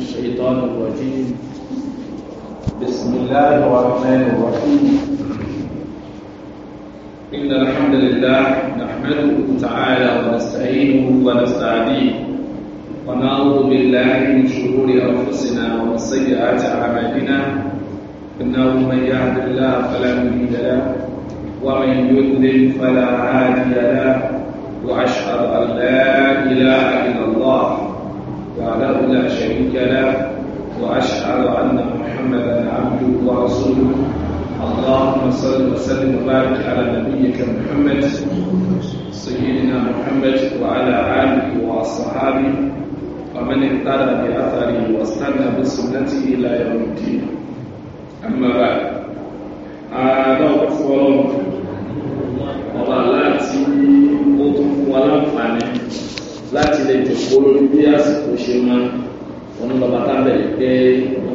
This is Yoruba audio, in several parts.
الشيطان الرجيم بسم الله الرحمن الرحيم إن الحمد لله نحمده تعالى ونستعينه ونستعديه ونعوذ بالله من شرور أنفسنا ومن سيئات أعمالنا إنه من يهد الله فلا مضل له ومن يضلل فلا هادي له وأشهد أن لا إله إلا الله وعلاه لا شريك له وأشهد أن محمدا عبده ورسوله اللهم صل وسلم وبارك على نبيك محمد سيدنا محمد وعلى آله وأصحابه ومن اقتدى بأثره واستنى بسنته إلى يوم الدين أما بعد أنا أقول ọba láti ó tún fún wa láǹfààní láti lè jòkó lórí bí àsìkò ṣe máa wọn lọ bàtà bẹ̀rẹ̀ pé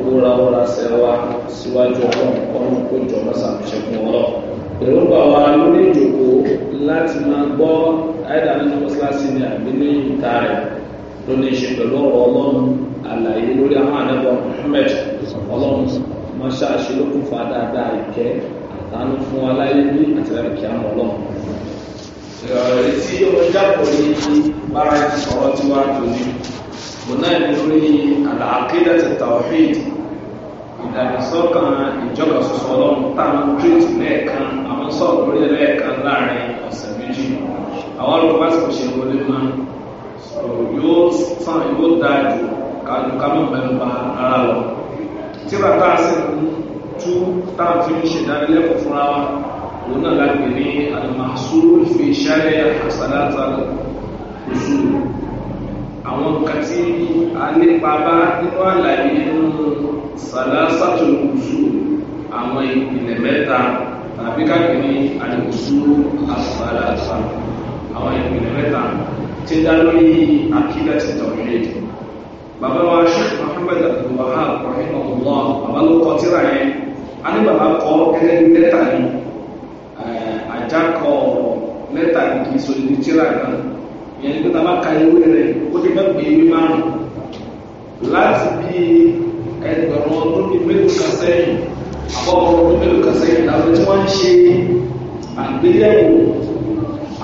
wúra wúra sẹ́wà síwájú ọlọ́run ọlọ́run kó jọ lọ́sàmùṣẹ́ fún ọlọ́ èròǹgbà wa lórí ìjòkó láti máa gbọ́ àìdá nínú mọ́ṣáláṣí ni àbí ní ìta rẹ̀ ló ní ṣe pẹ̀lú ọ̀rọ̀ ọlọ́run àlàyé lórí àwọn àdàbọ̀ Muhammad ọlọ́run mọ́ṣáláṣí ló kún fa dáadáa ìkẹ́ àtàánú fún aláyé bí àtìlẹ́yìn kí ọlọ́run ìrọ̀lẹ́ tí ó jábọ̀ ní bára ọ̀rọ̀ tí wá lórí mọ̀nà ìlúrí àlàákédà tẹ̀tà ọ̀hìn ìdàgbàsọ́kàn ìjọba sọ̀sọ̀ ọlọ́run táwọn kírètì lẹ́ẹ̀kan àwọn sọ̀rọ̀ lórí lẹ́ẹ̀kan láàrin ọ̀sẹ̀ méjì àwọn olùkọ́ àti òṣèré wọlé máa yóò sàn yóò dáa jù kánú mẹ́nuba ara lọ tí bàtà sì ń tú táwọn fi ń ṣèdánilẹ́kọ̀ọ́ fúnra wa òun náà láti ní àmàṣúrò fi ṣáré àṣàlátà oṣù àwọn nǹkan tí a nípa bá nínú àlàyé nínú sàlásàtò oṣù àwọn ìpìlẹ̀ mẹ́ta tàbí káàkiri àdìkòṣù àṣàlátà àwọn ìpìlẹ̀ mẹ́ta tí dá lórí akílẹ̀ ti tọ̀rọ̀lẹ̀ bàbá wa Sheikh Muhammad Abdul Wahab rahimahullah bàbá ló kọ tírà yẹn a ní bàbá kọ gẹ́gẹ́ bí mẹ́ta yìí àjákọ ọ̀rọ̀ lẹ́tà kì í sọ̀rọ̀ ní tíra náà ìyẹn ní pẹ́tà bá ka ewé rẹ̀ ó ti fẹ́ pé ewé márùn láti bí ẹgbẹ̀rún ọdún bíi mélòó kan sẹ́yìn àbọ̀bọ̀ ọdún mélòó kan sẹ́yìn làwọn tí wọ́n ń ṣe àgbéyẹ̀wò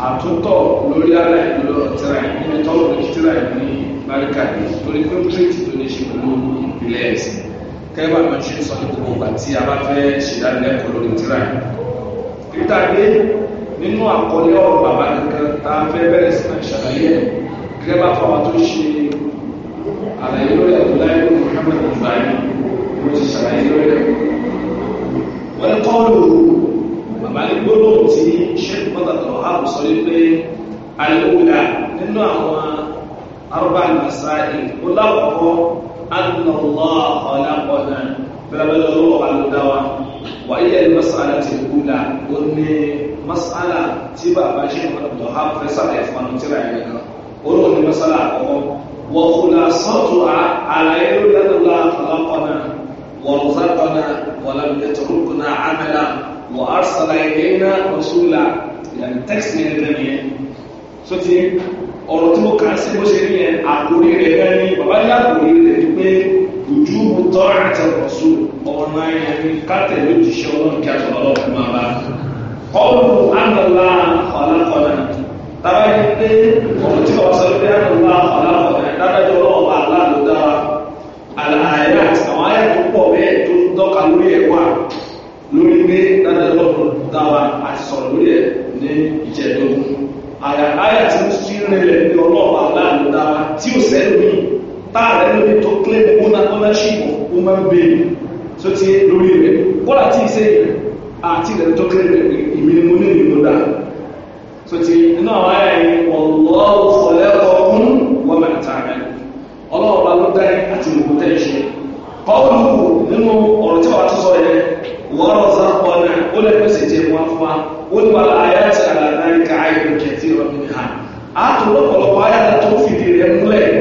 àtúntọ̀ lórí ara ìlú ọ̀tíra ìpínlẹ̀ tọ́lọ̀ ní tíra ìní barikade torí pé tírètì tó lè ṣe pẹ̀lú ìpìlẹ̀ ẹ̀sìn kẹ́gbà máa ń ṣe sọ ní gbogbo ìgbà tí a bá fẹ́ ṣèdánilẹ́kọ̀ọ́ lórí tíra ìkọ títà dé nínú àkọlé ọ̀rọ̀ bàbá kankan tá a fẹ́ bẹ̀rẹ̀ sí náà ṣàlàyé ẹ̀ gẹ́gẹ́ bá fáwọn tó ṣe àlàyé lórí Abdullahi bin Muhammad Al-Bani ló ti ṣàlàyé lórí ẹ̀. wọ́n ní kọ́ọ̀lù bàbá ní gbólóhùn tí sheikh mọ́tàtọ̀ ààbò sọ wípé àlùwùdà nínú àwọn arúgbó àgbàsáì ó láwọ̀kọ́ àdùnnà ọ̀lá ọ̀lá bẹ́ẹ̀ bẹ́ẹ̀ lọ́wọ́ wàyí ẹni masala ti kú la ó ní masala tí bàbá ṣe ń dọ̀ ha fẹ́ sàlẹ̀ fún ọdún tí ra ẹ̀yẹ kan ó lọ ní masala àkọ́kọ́ wọ́n kò là sọ́tù àlàyé ló lẹ́nu la kọ́lákọ́nà wọ́n rúzàkọ́nà wọ́n lẹ́nu ẹ̀tọ́rọ́kọ́nà àmẹ́là wọ́n arsala ìdẹ́nà ọ̀ṣúlà ìyàní tẹ́kisì ní ẹ̀dẹ́ mi yẹn tó ti ọ̀rọ̀ tí mo sí bó ṣe rí yẹn àkórí rẹ̀ bẹ́ẹ̀ bàbá yà àkórí rẹ̀ ojúbù tọ́ra àti ọ̀sù ọ̀nà ẹ̀mí kátẹ̀ ló ti ṣe ọlọ́run kí a sọ̀rọ̀ ọlọ́run máa bá. kọ́ọ̀lù ánàlá ọ̀làkọ̀là tàbá yìí pé ọ̀rọ̀ tí wọ́n sọ pé ánàlá ọ̀làkọ̀là dáadájọ́ ọlọ́run wà lálùdá àlàyé àti àwọn ayé tó pọ̀ bẹ́ẹ̀ tó ń tọ́ka lórí ẹ̀ wà lórí pé dáadájọ́ ọlọ́run dáwà àti sọ̀rọ̀ lórí ẹ̀ ní ìjẹ̀dógún táàrẹ lórí tó claim ownership of human being tó ti lórí rẹ̀ kọ́lá tí ìṣe àti ìrẹ̀ tó claim rẹ̀ ni mo ní ìlú dá tó ti nínú àwọn ayé yìí ọlọ́wọ́ fọlẹ́kọ̀ọ́kún wọ́n mẹ́ta tààrẹ ọlọ́wọ́ bá ló dá àti mọ̀kú tẹ́ ṣe kọ́ọ̀lùkù nínú ọ̀rọ̀ tí wàá tó sọ yẹn wọ́rọ̀ sápọ̀ náà ó lè pèsè jẹ wọn fún wa ó ní wàhálà ayé àti àlàdá ìka ayé kẹtì rọ̀ ha àtúntò ayé àti fìdí rẹ̀ múlẹ̀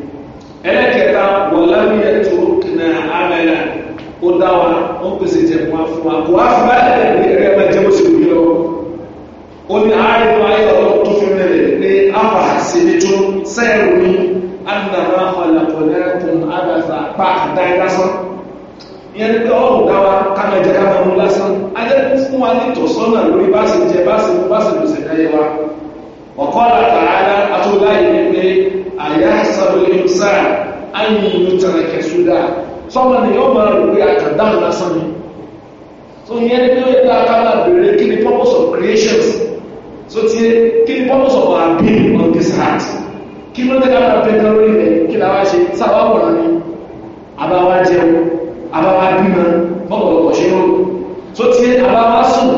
ẹlẹ́kẹta wọ̀lámi ẹ̀tọ́ kìnnà amẹ́lá ó dá wa ó ń pèsè jẹ fún wa fún wa kò á fún wa ẹ̀rẹ́ ẹ̀rẹ́ máa jẹ́ bó ṣe wù lọ. ó ní àárín wa ayé ọ̀rọ̀ tó fi mẹ́lẹ̀ pé afa ṣèlè tó sẹ́ẹ̀rù ni àdàmà ọ̀làkọ̀lẹ́ tún àdàfà pa àdá ẹ̀ lásán. ìyẹn ni pé ọ̀hún dá wa káma jẹ káma mú lásán. ajẹ́ fún wa ní tọ̀sọ́nà lórí bá ṣe jẹ bá ṣe mú bá ṣe lòṣèdáyé wa. وقال تعالى أتولى إبني أيحسب الإنسان أن يترك سدى sọ́wọ́n ni yóò máa rò pé àkàndáhùn lásán ni so ìyẹn ni pé ó yẹ ká máa bèèrè kí ni purpose of creations so ti kí ni purpose of our being on this earth kí ló dé ká máa pẹ́ kan lórí rẹ̀ kí la wá ṣe sábà wọ̀ náà ni àbáwá jẹun àbáwá bímọ bọ́ọ̀lọ́pọ̀ ṣe ń rò so ti àbáwá sùn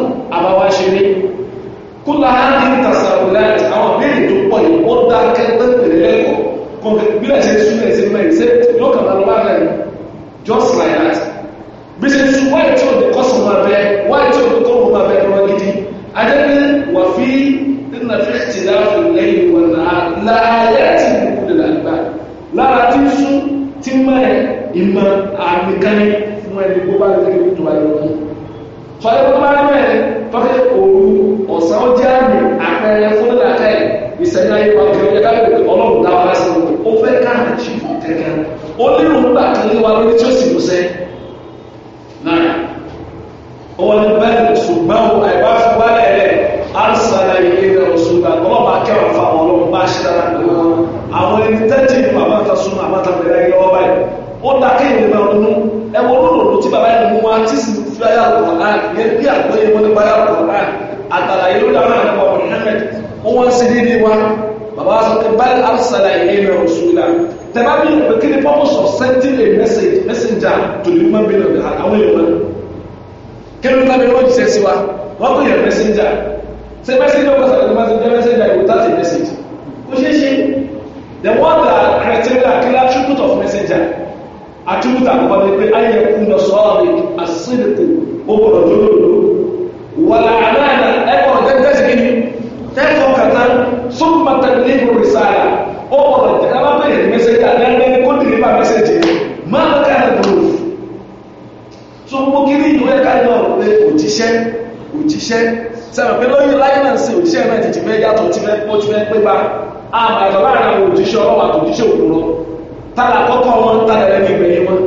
say that mẹ́sẹ̀jì àgbẹ̀rẹ̀ kó dìrí bá mẹ́sẹ̀jì máa ń ká ẹ̀dùn òfò tó gbogbo kiri ìlú ẹ̀ka náà pé òjíṣẹ́ òjíṣẹ́ sẹ́wọ̀n pé lóyún láyé náà sí òjíṣẹ́ náà ti ti fẹ́ yàtọ̀ ti fẹ́ pọ́ ti fẹ́ pé bá àmà ìtọ̀ láàrin àwọn òjíṣẹ́ ọlọ́wà tòjíṣẹ́ òkúrọ̀ tálà kọ́kọ́ wọn tálà ẹni ìgbẹ̀yìn wọn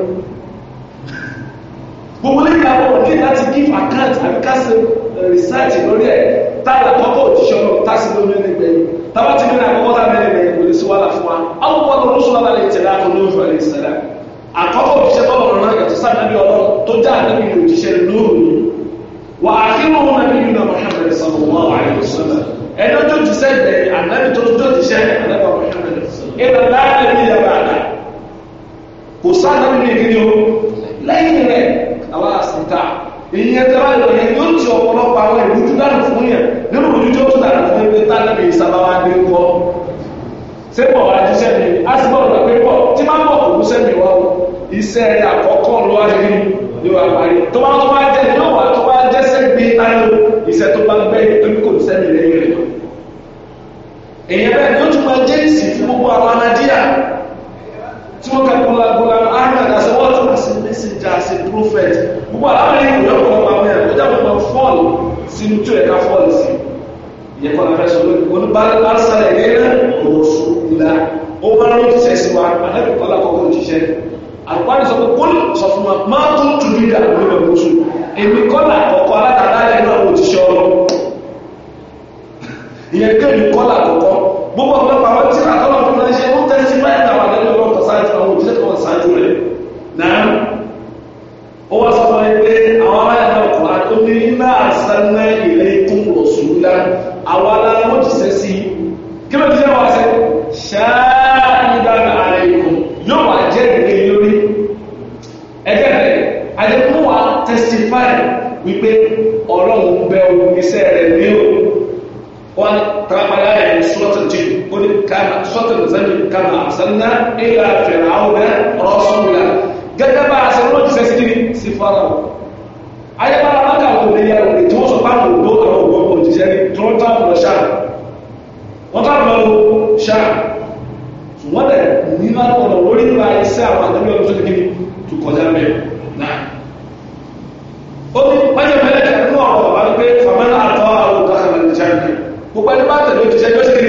gbogbo ní ìgbàgbọ́ wọn ní láti give account àbíkásẹ̀ eh, research lórí ẹ̀ tálà kọ́kọ́ òjíṣẹ́ ọlọ́wà tásìlóyún ẹni ìgbẹ̀yìn tábà ti ní àkọ́kọ́ tá a bẹ̀rẹ̀ ní ìwòlè sí wàhálà fún wa àwọn wọn lọ lóṣù lálẹ́ ìtẹ̀lẹ́ àtọ́nú ìfọ̀ àlẹ́ ìsẹ̀lẹ̀ àkọ́kọ́ òṣìṣẹ́ tọ́lọ̀ náà yàtọ̀ sáà nàbí ọlọ́run tó já ànábì ìlú òṣìṣẹ́ lóòrùn yìí wà á kí wọn wọn nàbí ìlú Muhammad sallallahu alaihi wasallam ẹ̀dọ́ tó ti sẹ́ bẹ̀rẹ̀ ànábì tó tó ti sẹ́ ànábì Muhammad ìlà láàrín ní ìyàbá àná kò sáà nàbí ìlú ìkíni o lẹ́yìn rẹ̀ àwọn àsìntà ìyẹn tẹ́lá lọ yẹn yóò ti ọ̀pọ̀lọpọ̀ àwọn ìrújú dànù fún yẹn nínú ìrújú tí ó tún dànù fún yẹn tá níbi ìsàbáwá dé wọ́ ṣé pọ̀ wá jíṣẹ́ mi á sì bọ̀ lọ pé pọ̀ tí máa ń bọ̀ kò wúṣẹ́ mi wá o iṣẹ́ àkọ́kọ́ ló wá ṣe kí ni wàá parí tó bá tó bá jẹ́ yóò wá tó bá jẹ́ sẹ́gbẹ́ táyọ̀ iṣẹ́ tó bá ń gbẹ́ yìí torí kò ní sẹ́mi lẹ́yìn rẹ̀ èèyàn bẹ́ẹ̀ ni ó tún máa jẹ́ ìsìn fún gbogbo àwọn anadíyà Smoke and tí wọ́n kẹ́kọ̀ọ́ lágbóra ahmed as a word as a messenger as a prophet about don't fall. fall. gbogbo àwọn èèyàn ìwé ọ̀pọ̀lọpọ̀ àwọn èèyàn tó jábọ̀ lọ fọ́ọ̀lù sínú tó ẹ̀ka fọ́ọ̀lù sí ìyẹn kọ́nà fẹ́ sọ lórí oníbàárẹ̀ nílẹ̀ òwòsù ìlà ó bá rán òjíṣẹ́ sí wa àdábì kọ́lá kọ́kọ́ òjíṣẹ́ àlùkọ́ni sọ pé kólú sọ fún wa máa tún tún ní ìdá àwọn ìbẹ̀rù oṣù èmi kọ́lá àkọ́kọ́ alátàlá ìyẹn náà òjíṣẹ́ ọlọ́ ìyẹn kéèlú kọ́lá àkọ́kọ́ gbogbo ọ̀pọ̀lọpọ̀ àwọn tí àtọ́lọ̀ tó máa ń ṣe ó tẹ́ sí báyìí àwọn àgbẹ̀ lọ́wọ́ tó sáájú àwọn òjíṣẹ́ tó wọ́n sáájú rẹ̀ náà ó wá sọ fún mi pé àwọn aláìlá ọkùnrin tó ní iná àṣà náà ilé ikú rọ̀ àwọn aláwọ̀ فاستخرجهم كما أرسلنا إلى فرعون رسولا gẹ́gẹ́ bá a ṣe ló ti sẹ́sí kiri sí faraó ayébára mọ́kà kò lè yẹ òní tí wọ́n sọ fáwọn òdó àwọn ògbọ́n òjíṣẹ́ ní tí wọ́n tábù lọ ṣáà wọ́n tábù lọ ṣáà wọ́n dẹ̀ nínú ọ̀nà lórí nípa iṣẹ́ àwọn àdébí ọdún tó ti kiri tó kọjá mẹ́rin náà ó ní wájú mẹ́lẹ̀ nínú ọ̀rọ̀ bàbá wípé fàmílà àtọ́ àwọn òkà àmàlẹ̀ ìjànà gbogbo ẹni bá tẹ̀lé òjíṣẹ́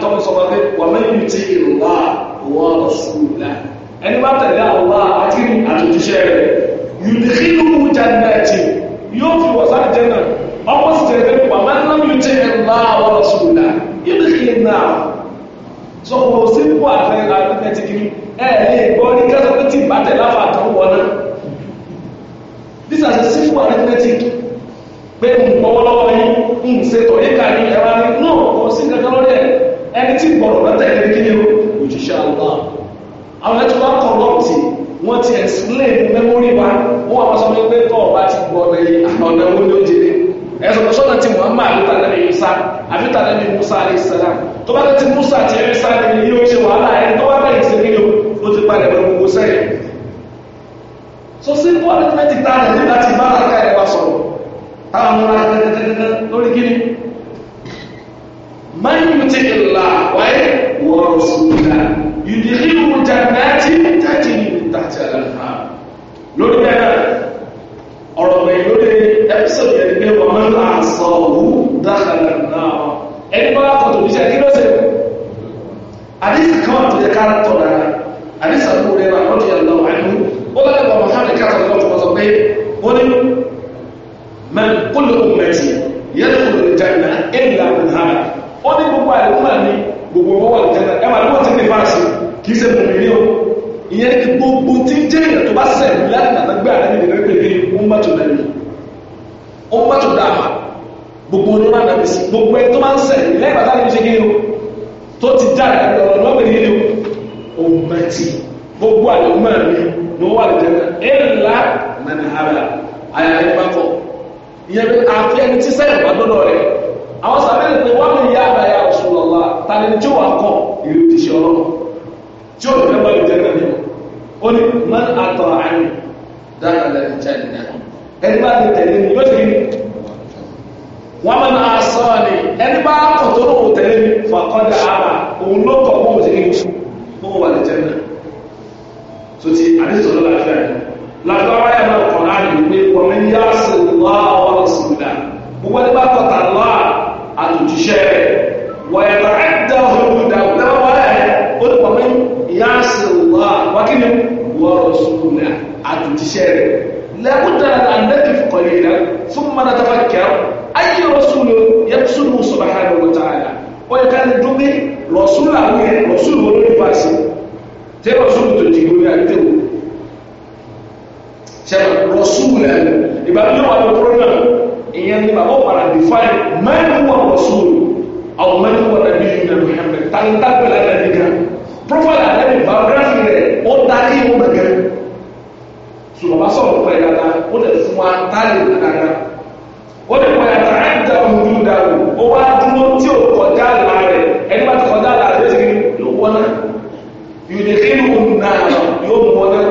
tó ń sọ wọn pé wà mẹ́rin ti ìrùwà wọ́n lọ sùúrù náà ẹni bá tẹ̀lé àwọn àti àtòjíṣẹ́ rẹ̀ yùdíkìlù jannati yóò fi wọ̀ sáré jẹ́ náà ọkọ̀ sì tẹ̀lé wà mẹ́rin ti wọ́n lọ sùúrù náà yùdíkìlù náà sọ wọ́n sí pọ̀ àfẹ́ àtẹ́tí kiri ẹ̀ lè tí ìbátẹ̀ láfà tó wọ̀ ẹni tí gbọ́dọ̀ látẹ̀lé kí ni òjíṣẹ́ Allah àwọn ẹ̀tọ́ wá kọ̀lọ́pùtì wọ́n ti explain memory wa wọ́n wà wọ́n sọ pé tọ́ ọba ti gbọ́ ọ̀rẹ́ yìí ọ̀nà owó ló jẹ́ ẹ̀sọ̀ tó sọ́nà tí Muhammad àbíta lẹ́nu Musa àbíta lẹ́nu Musa alayhi salam tó bá ti Musa àti Musa ni yóò ṣe wàhálà ẹni tó bá bẹ̀rẹ̀ sí nílò ó ti palẹ̀ pẹ̀lú gbogbo sẹ́yìn so simple arithmetic tá a lè ní láti bá àkàrẹ̀ wa sọ̀rọ̀ táwọn ọmọ rẹ̀ lórí kíni من يطع الله ورسوله يدخله جنات تجري من تحتها الانهار lórí náà ọ̀rọ̀ gbẹ̀yìn lórí ẹpisọ̀dù yẹn pé wọ́n máa ń la àṣọ òwú dáhàlà náà ẹni bá tọ̀tò níṣẹ́ kí ló ṣe àdìsí kan àti ìdí kára tọ̀ dára àdìsí àdúgbò rẹ̀ náà lọ́dún yẹn lọ́wọ́ àìmú ó lọ́dún bọ̀ mọ̀hánì káàtó lọ́wọ́ tó wọ́n sọ pé wọ́n ní mẹ́rin kúlù ọmọ ó ní gbogbo àìlúmọ̀ ní gbogbo owó wà jẹ́ta ẹwà ló ti ní fàásì kìí ṣe mọ̀ mílíọ̀ ìyẹn kí gbogbo tí ń jẹ́ ìyẹn tó bá sẹ̀ láti nàgbà rẹ̀ nínú ẹgbẹ́ ní ọmọtò lẹ́nu ọmọtò dáàmà gbogbo ọdún náà nàbẹ̀ sí gbogbo ẹ tó máa ń sẹ̀ lẹ́gbàá tá ní ṣe kí tó ti dá ìrọ̀lọ́ lọ́gbẹ̀ẹ́ ní ọmọtì gbogbo àìlúmọ̀ ní ni wọ́n wà jẹ́ta ẹ̀ ńlá mẹ́ni àbẹ̀ àyà ẹ̀ bá kọ̀ ìyẹn àti ẹni tí sẹ́yìn bá dọ́dọ̀ àwọn sàbẹ̀lẹ̀ pé wọ́n lè yá àbáyá Rasulullah tàbí tí ó wà kọ́ ìlú ti ṣe ọlọ́run tí ó fẹ́ bọ́ ìjẹ́ náà nìyẹn ó ní man àtọ̀ àánú dára lẹ́nu jáde náà ẹni bá ti tẹ̀lé ni yóò ti rí wọ́n máa ń asọ́ ni ẹni bá kọ̀ tó lóun tẹ̀lé ni fàkọ́dà àbà òun ló kọ̀ mọ́ òun ti rí mọ́ wà lè jẹ́ náà tó ti àdéhùn lọ́la fẹ́ làgbára ẹ̀ náà kọ̀ láàrin àtòjíṣẹ́ rẹ̀ wọ̀yẹ̀tà ẹ̀dá òhun dàgbàwà rẹ̀ ó ní pọ̀mí ìyáṣẹ̀wà wákìlì wọ́rọ̀ sùnà àtòjíṣẹ́ rẹ̀ lẹ́kùdà àndẹ́kì kọ̀lẹ̀ ìlà fún mọ́nà tàbá kẹ́rọ ayé rọ́sùlù yẹ́sùlù subhanahu wa ta'ala ní wà ní kúrò náà ìyẹn ní bàbá wàrà define mẹ́rin wà wọ̀ sóòlù àwọn mẹ́rin wà nàbí yìí nà Muhammad tàǹtà pẹ̀lú ànàbí gan profile ànàbí biography rẹ̀ ó darí ó bẹ̀gẹ̀ sùlọ́bà sọ̀rọ̀ pẹ̀lú yàrá ó lè fún wa tálẹ̀ nàdàdà ó lè pẹ̀lú yàrá ẹ̀ dà wùdú dà wù ó wá dúró tí ò kọjá là rẹ̀ ẹni bá ti kọjá là rẹ̀ lẹ́sìn ló wọ́n náà yóò lè kí ni òun náà yóò mọ̀ náà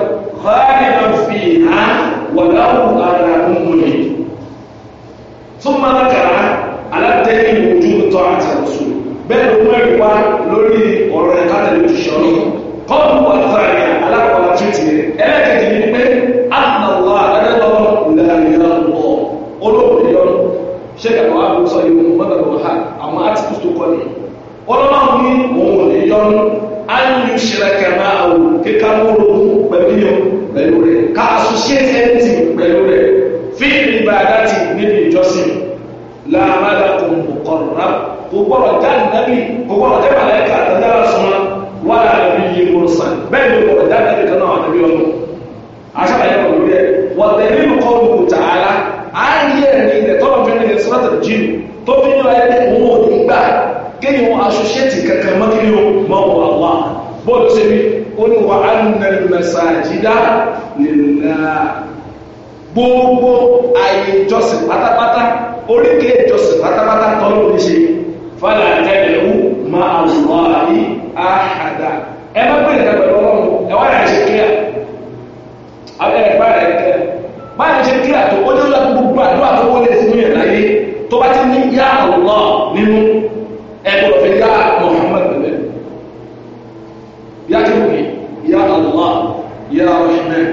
ثم ذكر على تأييد وجوب طاعة الرسول بل عمر ولوري ọ̀rọ̀ قاتل الشريف قالوا والثانية على قاتلته ألا تجد أن الله لا لا إله الله olóòrùn yọrù ṣẹ́gà wà ló sọ yìí mú mọ́tàlù ọ̀há àwọn átíkù tó kọ́ ni ọlọ́run ní òun ò ní yọrù ayélujú ṣẹlẹ̀kẹ̀ máa wò kíkà lóru pẹ̀lú yọ pẹ̀lú rẹ̀ ká associate anything pẹ̀lú rẹ̀ fíìmù ìbàdàn ti làmàlà kò mú kọ̀ọ̀rọ̀ kò gbọ́dọ̀ já nàbí kò gbọ́dọ̀ já màláìka àtàdára suma wàlà àbí yìí mùsàn bẹ́ẹ̀ ni gbọ́dọ̀ já nàbí kan náà àbí ọ̀nà àṣàlàyé wọn lórí ẹ wọ́n tẹ̀lé mi kọ́ lóko tààlà á yẹ ẹ̀mí ilẹ̀ tọ́lọ̀ fi ní sọ́tà jíìmù tó fi ní ọ̀yẹ́ pé òun ò ní gbà kéyìn wọn asosiyeti kankan mọ́kiri o mọ́ wọn àwọn bọ́ọ̀lù sẹ́mi ó ní wà á nà mẹ́sàgídá lè gbogbo àyè ìjọsìn pátápátá oríkèé ìjọsìn pátápátá tọ́ ló ní ṣe fàlà àtẹ̀lẹ́wù máa wà ní àhàdà ẹ má pè nìkan pẹ̀lú ọlọ́run ẹ wá rẹ̀ ṣe kíá abẹ́ ẹ̀ pààrẹ̀ ẹ̀ tẹ̀ má rẹ̀ ṣe kíá tó ó ní ó lọ́kùn gbogbo àdúrà tó wọlé sínú ẹ̀ láyé tó bá ti ní yá Allah nínú ẹ̀ gbọ́dọ̀ fi yá Muhammad bẹ̀rẹ̀ yá tó kù yá Allah yá Rahman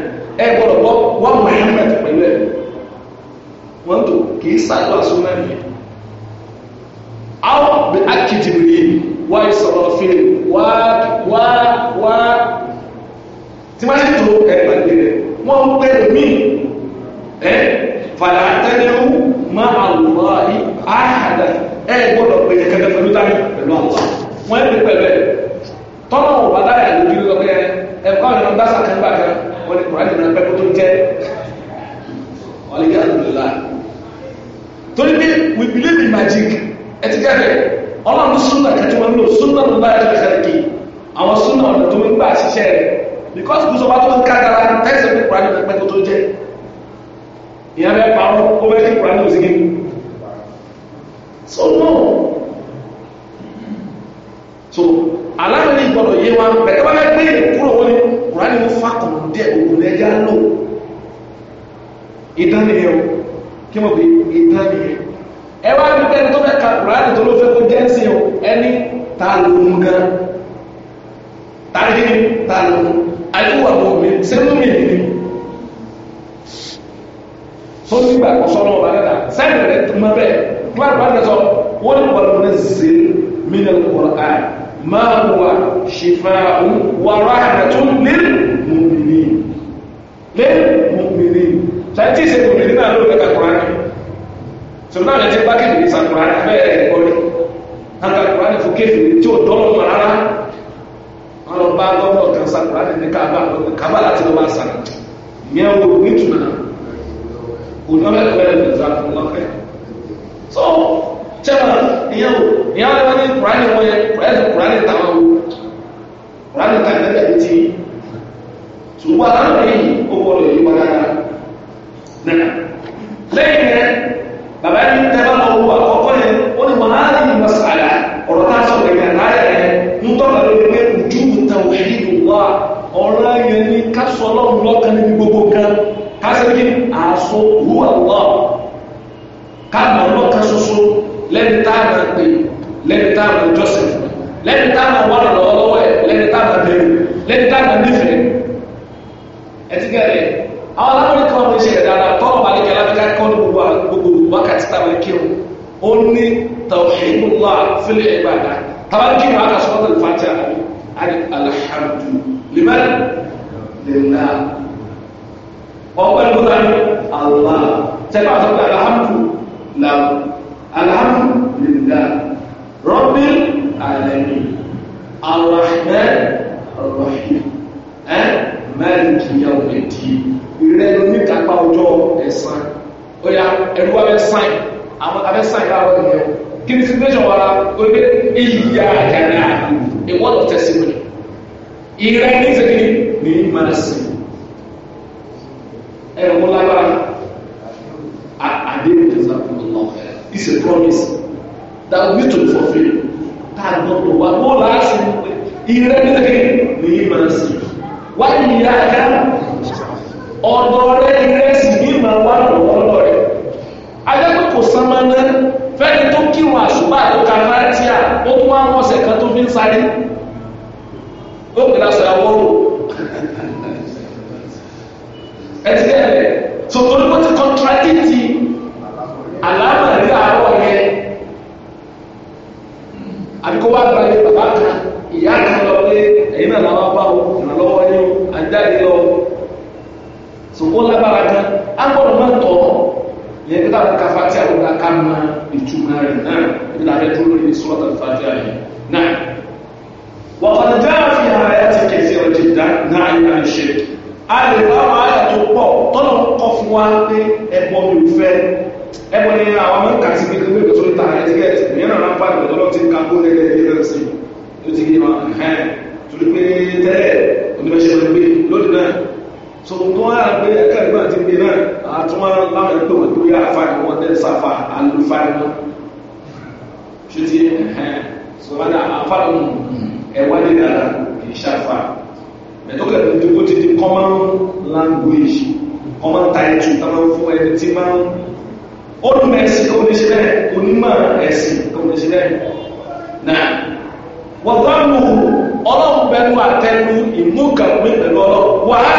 ẹ̀ kì í ṣàdúrà sún mẹ́rin yẹn. àwọn bẹ akitibiri wá ìsọ̀rọ̀ fèrè wá wá wá tí wọ́n ti tó ẹ̀rọ ìgbẹ́rẹ́ wọ́n ń pè mí ẹ̀ fàlà àtẹ́lẹ́wò máa àwòrán yìí àhàdà ẹ̀ gbọ́dọ̀ pé kẹ̀kẹ́ pẹ̀lú dání pẹ̀lú àwọn wọ́n ń pè pẹ̀lú ẹ̀ tọ́nà ò bá dáyà lójú lọ́pẹ́ ẹ̀ kọ́ ọ̀nà dásà kan gbà kan wọ́n ní kùrọ̀ àjẹmọ́ ẹgbẹ́ kó tó jẹ́ ọ̀lẹ́gẹ́ àdúgbò torí pé we believe in magic ẹ ti gẹ́gẹ́ ọlọ́run súnà kẹtù wọn lò súnà ló bá ẹjọ́ ìṣẹ̀lẹ̀ kì àwọn súnà ọ̀nà tó ń gbà ṣiṣẹ́ rẹ̀ because kò sọ bá tó ń kádàrá tẹ́sán ní kùránì pẹpẹ tó tó jẹ ìyá bẹ́ẹ̀ pa ó ó bẹ́ẹ̀ kí kùránì ò sí gẹ́gẹ́ so no so aláàrin ìgbọ́dọ̀ yé wa bẹ̀rẹ̀ wọ́n fẹ́ gbé ìkúrò wọlé kùránì ó fàkùn díẹ̀ òkùnrin ẹja lò ìdánilẹ́wọ̀ kí mo pè é tán nìyẹn ẹ wá rí pẹ́ni tó fẹ́ ka kùránì tó ló fẹ́ kó jẹ́ sí o ẹni ta ló ń gan ta ló ń ta ló ń àyẹ̀wò àwọn omi sẹ́nu mi nìyí tó ní gbà kọ́ sọ́nà ọba dada sẹ́ni rẹ̀ tó mọ bẹ́ẹ̀ wọ́n bá dẹ̀ sọ wọ́n ní wọ́n lọ́nà zè mí nà lọ́kọ̀ọ́ àyè máa wà ṣìfà wà rahmatun lil mu'minin lil mu'minin sẹ́ni tí ìṣègùn mi nínú sọ̀rọ̀ náà lẹ́tí pákẹ́tì ní sàkùnrin àti bẹ́ẹ̀ rẹ̀ kọ́ ni àgbàkùnrin àti fún kéfì tí ò dọ́rọ̀ mọ̀ rárá wọn lọ bá gọ́ọ̀mọ̀ kan sàkùnrin àti ní kábà kábà láti lọ bá sàkùn ìyẹn wo nítumọ̀ náà kò ní ọ̀rẹ́ lọ́wọ́ ẹ̀ sàkùn lọ́fẹ̀. so chairman ìyẹn wo ìyẹn wọn ní kùránì wọn yẹ kùránì táwọn wo kùránì táwọn ẹgbẹ́ ti ṣùgbọ́n aláwọ̀ yìí ó wọ lẹ́yìn rẹ̀ bàbá yìí ń tẹ́lá lọ wo àkọ́kọ́ yẹn ó ní wọn náà yìí wọ́n sàlà ọ̀rọ̀ tá a sọ gẹ̀gẹ̀ láyà yẹn ń tọ́ka lórí pé ojú ìtàn òṣèlú wa ọ̀rọ̀ yẹn ní ká sọ ọlọ́run lọ́kàn níbi gbogbo kan ká lẹ́ni tá a lẹ́ni tá a lẹ́ni tá a tawhidullah fil ibada tabarki ma aka sura al-fatiha ani alhamdu liman lillah ọgbẹ́ ló ta ní allah tẹ́lá tó pé alhamdu lahu alhamdu lillah rabbil alamin arrahman arrahim ẹ eh? maliki yawmiddin ìrẹ́ ló ní kápá ọjọ́ ẹ̀san ó yá ẹ̀rú wa bẹ́ sáìn àwọn abẹ́ sáìn láwọn ènìyàn kí ni situation wà lá o ní ìyá àjànà a word of testimony ìrẹ́ ní sẹ́kìnì ní ìmọ̀lá sí ẹ̀rọ wọn lágbára àdéhùn ìjọba ọ̀nà is a promise that we need to fulfil that gbọ́dọ̀ wà wọ́n láti ìrẹ́ ní sẹ́kìnì ní ìmọ̀lá sí wá ìyá àjànà ọ̀dọ̀ rẹ̀ ìrẹsì ní ìmọ̀lá wà lọ́wọ́ lọ́rẹ̀ ajá pé kò sánmọ́ fẹ́ni tó kírun àṣùbà tó ka fatia ó tún wá wọn ọ̀sẹ̀ kan tó fi ń sáré ó pè lásọ ìyàwó rò ẹ ti kẹ́ ẹ̀ tó tó ní kó ti kọ́ntradìtì àlámọ̀rí àárọ̀ yẹn àbí kó wá gba ilé bàbá kan ìyá kan lọ pé ẹ̀yin náà làwọn bá wọn ìrànlọ́wọ́ yín àjáde lọ sòkó lábára kan á gbọ́dọ̀ máa tọ̀ ọ́ yẹn nígbà wọn ká fati àwọn ọ̀gá ká mọ ìtumọ̀ rẹ̀ náà nígbà wọn dúró lórí sọ́ọ̀tà fati àyè náà. wọ́n kọ́ jẹ́ àfi àyà ti kẹsì ọ̀jẹ̀ dá náà yà ń ṣe. a lè wá àwọn àyà tó pọ̀ tọ́lọ̀ kọ́ fún wa pé ẹ̀bọ mi ò fẹ́ ẹ̀bọ ni àwọn ọmọ nǹkan ti gbé gbé tó ń ta àyà tíkẹ́ẹ̀tì ìyẹn náà bá ìgbà tọ́lọ̀ ti ka kó lẹ́gẹ̀ẹ́dẹ́gbẹ̀rẹ̀ sí i àtúmọ̀ láwọn ẹgbẹ́ wọn tó yá àfa ni wọ́n tẹ́lẹ̀ sáfà àlùfà ni wọ́n ṣètì ẹ̀hẹ́n sọ̀rọ̀ àfa nù ẹ̀wá ní dàda kì í ṣàfà ẹ̀tọ́kẹ̀ tó ti ti di common language common title táwọn fún ẹni tí máa ń olùmọ̀ ẹ̀sìn kò ní ṣe bẹ́ẹ̀ onímọ̀ ẹ̀sìn kò ní ṣe bẹ́ẹ̀ náà wọ́n bá mú ọlọ́run bẹ́ẹ̀ àtẹnu ìmú pẹ̀lú ọlọ́run wàá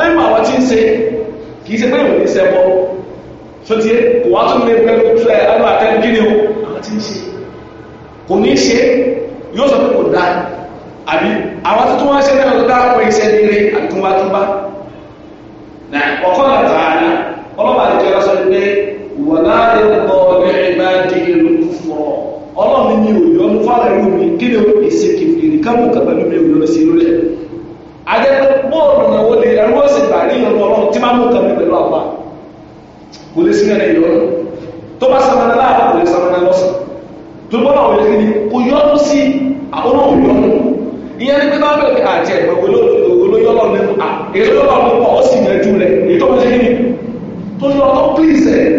ẹ̀yìn àwọn tí ń ṣe kì í ṣe pé ìwòye sẹ́bọ̀ sọtí kò wá tún lè pẹ̀lú ẹ̀ ẹnu àtẹ́nu kí ni o àwọn ti ń ṣe kò ní ṣe yóò sọ pé kò dá àbí àwọn tó tún wá ṣe náà tó dá pé iṣẹ́ nílé àtúnbátúnbá na ọkọ làtà àná ọlọ́pàá àti ìjọba sọ pé wọ́n náà lè lọ ọ̀rẹ́ ìgbà dìgbì lójú fún ọ ọlọ́run mi ò yọ ọdún fáwọn ẹ̀rú mi kí ni o èsì kìfìrì kábùkà pẹ̀lú mi ò lórí ẹ̀ ajẹ́pẹ́ bóòlù náwó lè ẹrú ó sì gbà ní ìrọ̀rùn ọlọ́run tí máa mú kan ní pẹ̀lú àpá kò lè sínú ẹ̀yọ́ ọ̀nà tó bá samana láàárọ̀ kò lè samana lọ́sàn tó bọ́ náà wọlé kíni kò yọ́nú sí olóhùn yọ́nú ìyẹn ní pé bá bẹ̀rẹ̀ pé àti ẹ̀gbẹ́ olóyọ́lọ́ nínú à èrè lọ́wọ́ ló pọ̀ ó sì yanjú rẹ̀ ètò ọmọ ṣe kíni tó yọ ọlọ́ pílìsì rẹ̀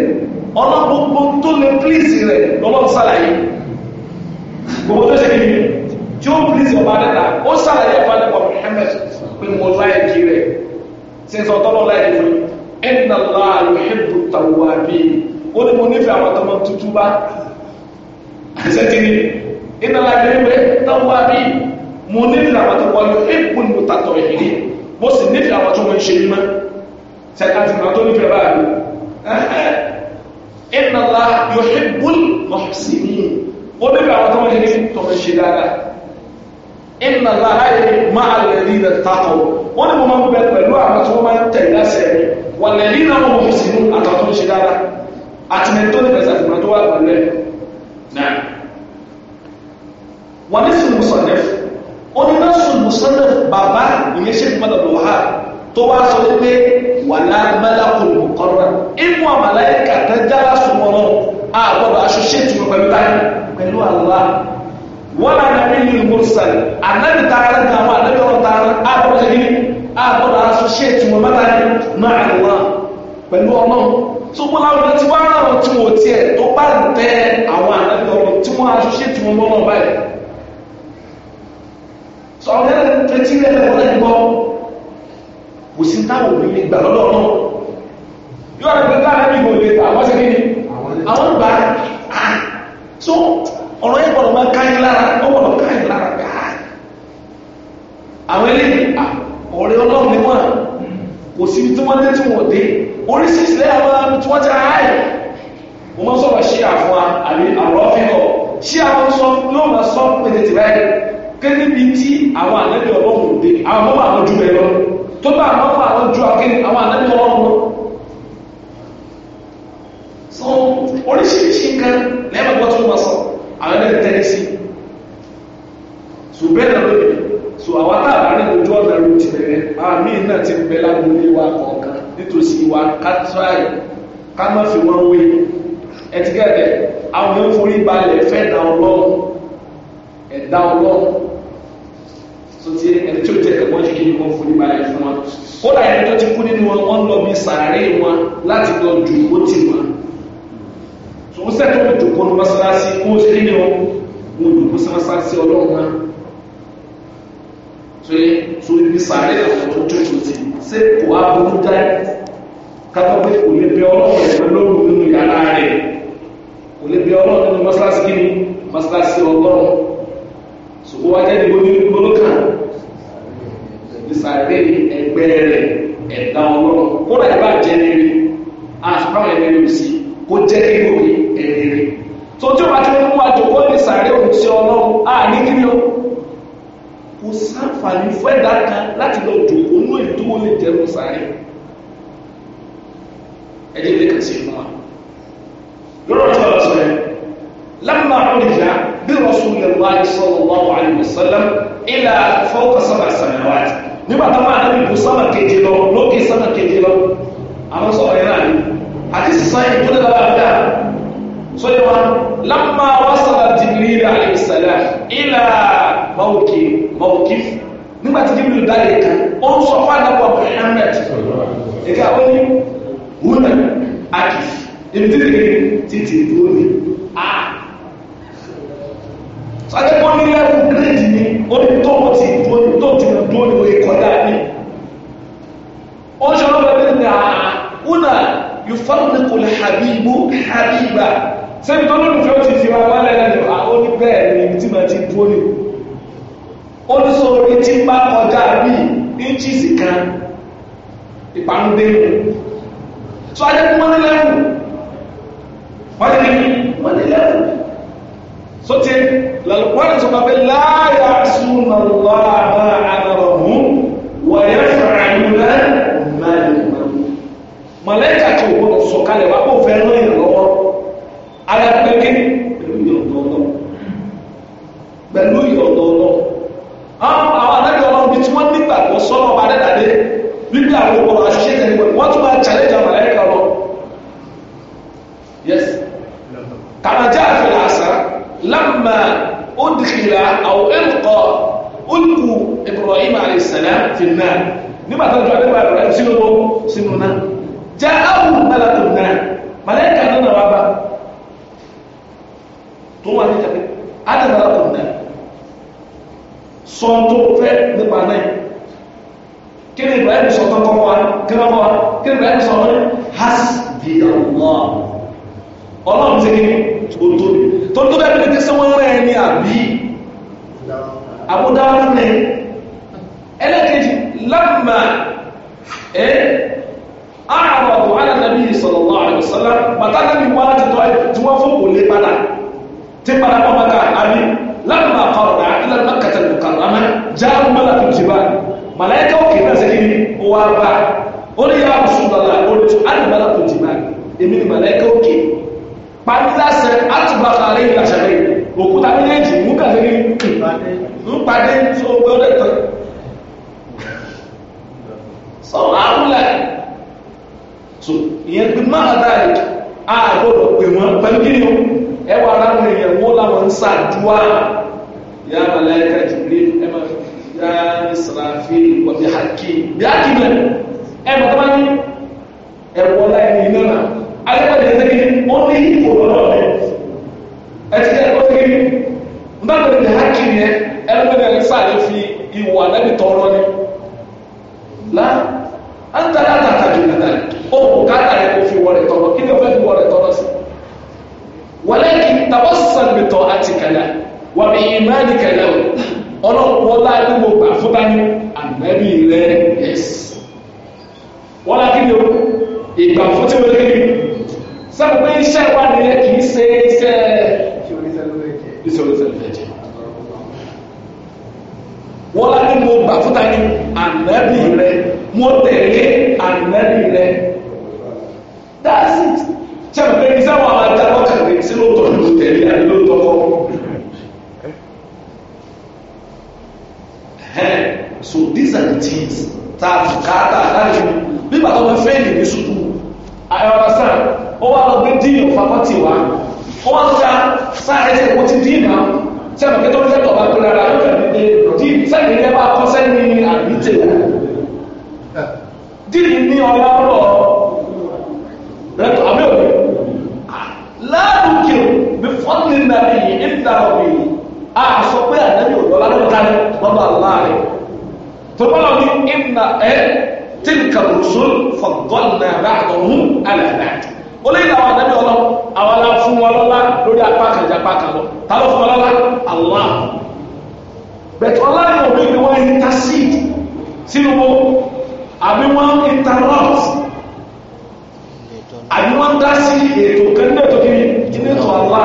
ọlọ́ gbogbo tó lè pílìsì rẹ̀ lọ́wọ́ sálàyé since banana ó ṣàlàyé ìfàlẹ́ bọ̀ Muhammad pé mo láyé kí rẹ̀ since ọ̀tọ́lọ́ láyé fún ẹ̀nà láàrú hẹ́bù tàwọn àbí ó ní mo nífẹ̀ẹ́ àwọn tó máa ń tutù bá àṣẹ ti ní ẹ̀nà láàrú hẹ́bù tàwọn àbí mo nífẹ̀ẹ́ àwọn tó wọ́n yọ ẹ̀kún mo tàtọ̀ ìhìrì mo sì nífẹ̀ẹ́ àwọn tó máa ń ṣe yí mọ́ ti máa tó nífẹ̀ẹ́ báyìí ẹ̀nà láàrú hẹ́bù mọ̀ọ́sì ní ó nífẹ̀ẹ́ àwọn tó máa ń ṣe dáadáa ìnà láàyè máa lẹ̀rí rẹ̀ tààtọ̀ wọ́n ní mo máa ń bẹ pẹ̀lú àwọn tí wọ́n máa ń tẹ̀lé lásẹ̀ rẹ̀ wà lẹ̀rí náà wọ́n mọ̀ sí inú àtàtọ̀ ń ṣe dára àtìmẹ̀ tó ní bẹ̀sẹ̀ àtìmẹ̀ tó wà pẹ̀lú ẹ̀ náà wọ́n ní sùn mùsọ̀nẹ́f ó ní náà sùn mùsọ̀nẹ́f bàbá ìyẹn ṣe fún ọ̀dọ̀ wà tó wá sọ pé wà lágbádá kò lù kọ́nà inú àmàlà ẹ̀ka tẹ́jára sùn mọ́nà àgbọ̀dọ̀ aṣọ ṣètùmọ̀ pẹ̀lú wala nabiyil mursal anabi taara gaamu anabi ọ̀rọ̀ taara akọrọ segin akọrọ araso ṣe tuma mata ni ma'aluwa pẹ̀lú Ọlọ́run tó wọn làwọn ọ̀rọ̀ tí wọn ara wọn tí wọn tiẹ̀ tó bá tẹ àwọn anabi ọ̀rọ̀ tí wọn So ṣe tuma mọ náà báyìí sọ ọdẹ tẹtí rẹ wọlé gbọ́ kò sí táwọn òbí lè gbà lọ́dọ̀ náà yóò rẹ pé káà ní ìwòye àwọn segin ni àwọn gbà á so ọ̀rọ̀ yẹn gbọ́dọ̀ máa ká yín lára. wọ́n dé tí wọ́n dé oríṣiríṣi lẹ́yìn àwọn tí wọ́n ti ráyè mo máa sọ̀rọ̀ ṣí àfún wa àbí àrọ́ fíkọ̀ ṣí àwọn sọ yóò máa sọ pé tètè báyìí kéde bíi tí àwọn ànábì ọlọ́run dé àwọn ọmọ àwọn ju bẹ́ẹ̀ lọ tó bá àwọn ọmọ àwọn ju akéde àwọn ànábì ọlọ́run lọ. so oríṣiríṣi nǹkan lẹ́yìn àgbọ̀ tí wọ́n máa sọ àwọn ẹgbẹ́ tẹ́lẹ̀ sí so bẹ́ẹ̀ náà lónìí so àwọn táàbà ní ojú ọ̀nà ló ti bẹ̀rẹ̀ àmì náà ti bẹ̀ lágbo ilé wa kọ nítòsí wa kátráì ká má fi wọ́n wé ẹtìkẹ́tẹ̀ àwọn yóò forí balẹ̀ fẹ́ dá ọlọ́run ẹ̀dá ọlọ́run tó ti ẹni tí ó jẹ ẹ̀gbọ́n jù kí ni wọ́n forí balẹ̀ fún wọn kódà ẹni tó ti kú nínú wọn wọ́n lọ bí sàárè wọn láti lọ ju ìwó tì wọn tòun sẹ́tọ̀ òjò kọ́nu mọ́sálásí kó o ṣe nínú wọn òjò kó sẹ́mọ́sálásí ọlọ́run náà pé torí bí sàárè àwọn tó jòjò ti ṣé kò wá burú dá kátó pé kò lè bẹ ọlọ́run ẹ̀fẹ́ lóru nínú yàrá rẹ̀ kò lè bẹ ọlọ́run nínú mọ́ṣáláṣí kí ni mọ́ṣáláṣí ọlọ́run ṣùgbọ́n wájẹ́ ní gbóni gbólókà ní sàárè ẹgbẹ́ rẹ̀ ẹ̀dá ọlọ́run kódà ìbá jẹ́ nírí àṣùpáwọn ẹ̀mí rẹ̀ sí kó jẹ́ kí ló rí ẹ̀rí rẹ̀ tó tí ó bá ti mú wájú kó ní sàárè sáǹfààní fún ẹ̀dá kan láti lọ jòkó nú ètò wọn lè jẹun sáré ẹ̀jẹ̀ lè kàn sí fún wa lọ́rọ̀ tí wọ́n sọ yẹn lámà ọ̀rìyà bí Rasulullahi sallallahu alaihi wasallam ilà fawqa sab'a samawat nígbà tó máa níbi ìbò sábà kejì lọ lókè sábà kejì lọ àwọn sọ̀rọ̀ yẹn náà ni àti sísan ìtúndínláwà dáa سليمان لما وصل جبريل عليه السلام إلى موقف موقف نما تجيب له ذلك أن صفى نبوة محمد يقول هنا أكف ìdílé títí dúró ah. ní a sọ́jọ́pọ̀ ní lẹ́wọ̀n gírèdì ní onítọ́wọ́ ti dúró ti dúró ní oye kọjá ní ó ṣọ́rọ̀ bẹ̀rẹ̀ ní àà una yufarriqu al-habibu habiba sẹ́ni tó lónìí fẹ́ ti fi ra wá lẹ́lẹ́lẹ́ àwọn oníbẹ̀ẹ́ ni ibi tí màá ti dúró lè ó ní sọ orí tí ń bá kọjá bí inches kan ìparun dé mu so ajẹ́ kí wọ́n ní lẹ́rù wọ́n ní wọ́n ní lẹ́rù so ti lọ́lọ́pọ̀ ní sọ́kà pé láyà súnmọ́ lọ́wọ́ àbára àbọ̀rọ̀ mú wọ̀nyẹ́ fẹ̀rẹ̀ àyùnlẹ́ mẹ́rin mọ́lẹ́kà tó gbọ́dọ̀ sọ̀kalẹ̀ wá kó fẹ́ lóyìn lọ́wọ́ ara pé kí pẹ̀lú ìyọ̀ǹdọ̀ọ̀lọ́ pẹ̀lú ìyọ̀ǹdọ̀ọ̀lọ́ àwọn àdájọ́ ọlọ́run bí tí wọ́n nígbàgbọ́ sọ́nà ọba dẹ́dàdé bíbí àwọn ọkọ̀ àṣìṣe tẹ̀lé pẹ̀lú wọ́n tún máa challenge àwọn ẹ̀ka lọ. yes kàmájà àfẹlẹ àṣà lámà ó dìkìlà àwọn ẹ̀kọ́ olùkù Ibrahim alayhisalaam fi náà nígbà tó ń jọ adébáyé Ibrahim sínú sínú náà jẹ́ àwọn mẹ́lá tó náà náà wà bá tó wà ní ìjàpẹ́ adàbàrà kò náà sọ tó fẹ́ nípa náà kí ni Ibrahim sọ tán kọ́ wa kí ni wa kí ni Ibrahim sọ wọn hasbi Allah ọlọ́run ti kí ni o tóbi tó tó bẹ́ẹ̀ bí tẹ́sán wọn rẹ̀ ni àbí àbúdáwà ní ẹlẹ́kẹ̀ẹ́jì lámà ẹ́ àràbọ̀ àdàbí sallallahu alaihi wasallam bàtà náà ni wọ́n á ti tọ́ ẹ̀ tí wọ́n fún òun lé padà تقبل para بكر علي لما قرب إلى مكة المكرمة جاء ملك الجبال ملائكة وكذا سكيني واربع قل يا رسول الله قلت أنا ملك الجبال إمين ملائكة وكي pàdílásẹ̀ àtìgbàkà rẹ̀ ìlàṣẹ̀rẹ̀ òkúta méjèèjì mú kàfẹ́rí ń pàdé tí ó gbọ́dọ̀ tọ́ sọ̀rọ̀ àrùlẹ̀ so ìyẹn gbé máa dáa àgbọ̀dọ̀ pè wọ́n pẹ̀lú kí ni ó ẹ wà láwọn èèyàn wó láwọn ń ṣàdúrà yà màláìka Jibril ẹ máa fi yà Israfil wà bí hakim bí hakim ẹ ẹ bàtà bá ní ẹ wọ láì ní iná náà alẹ́pàdé ẹ̀ sẹ́kẹ́ ó ní ìfòrò náà rẹ̀ ẹ ti kẹ́ ẹ kọ́ sẹ́kẹ́ nígbà tó ní hakim yẹn ẹ lọ́pẹ́ ẹ sáré fi ìwà lẹ́bi tọrọ ni láà anta la tataju na dali o kata yẹ ko fi wọlé tọlọ kí ni o fẹ́ fi wọlé tọlọ sí wọlé khasan bi ta'atika lahu wa bi imanika lahu ọlọ́run wọn bá ní mo gbà fún bá ní ànábì rẹ yẹs wọn lá kí ni o ìgbà fún tí lé ní sábà pé iṣẹ́ wà nílẹ̀ kì í ṣe iṣẹ́ ìṣòro ìṣòro ìṣẹ̀jẹ̀ wọn lá ní gbà fún ní ànábì rẹ mo tẹ̀lé ànábì that's it so these are the things that a fi káàtà láti mú nígbà tó wọ́n fẹ́ lè ní sùkú ayọ̀rọ̀ sáà ó wà lọ gbé dín ìfapá tì wá ó wà sá sáà ẹsẹ̀ kó ti dín náà sẹ́mi pé tó ń tẹ́tọ̀ bá pé rárá yóò fẹ́ lè dín sẹ́mi ní ẹ bá kọ́ sẹ́ni àbí tèlè dín ní ọlọ́rọ̀ láàdùnkè bífọ́nì nàbí ìdàrọ̀bì a sọ pé ànábì ò lọ́la ló dání lọ́dọ̀ aláàrẹ̀ tó bá lọ ní ìnà ẹ tí nǹkan rùsùn fọ̀gọ́nà àbáàdọ̀hún àlàdà ó lè làwọn ànábì ọlọ́ àwọn alá fún wọn lọ́la lórí apá kan apá kan lọ ta ló fún wọn lọ́la àwọn bẹ̀tẹ̀ ọlá yóò rí ni wọ́n ń tasí sínú àbí wọ́n ń interrupt àbí wọ́n dá sí ètò kẹ́lẹ́ tó kí ilé tó àlá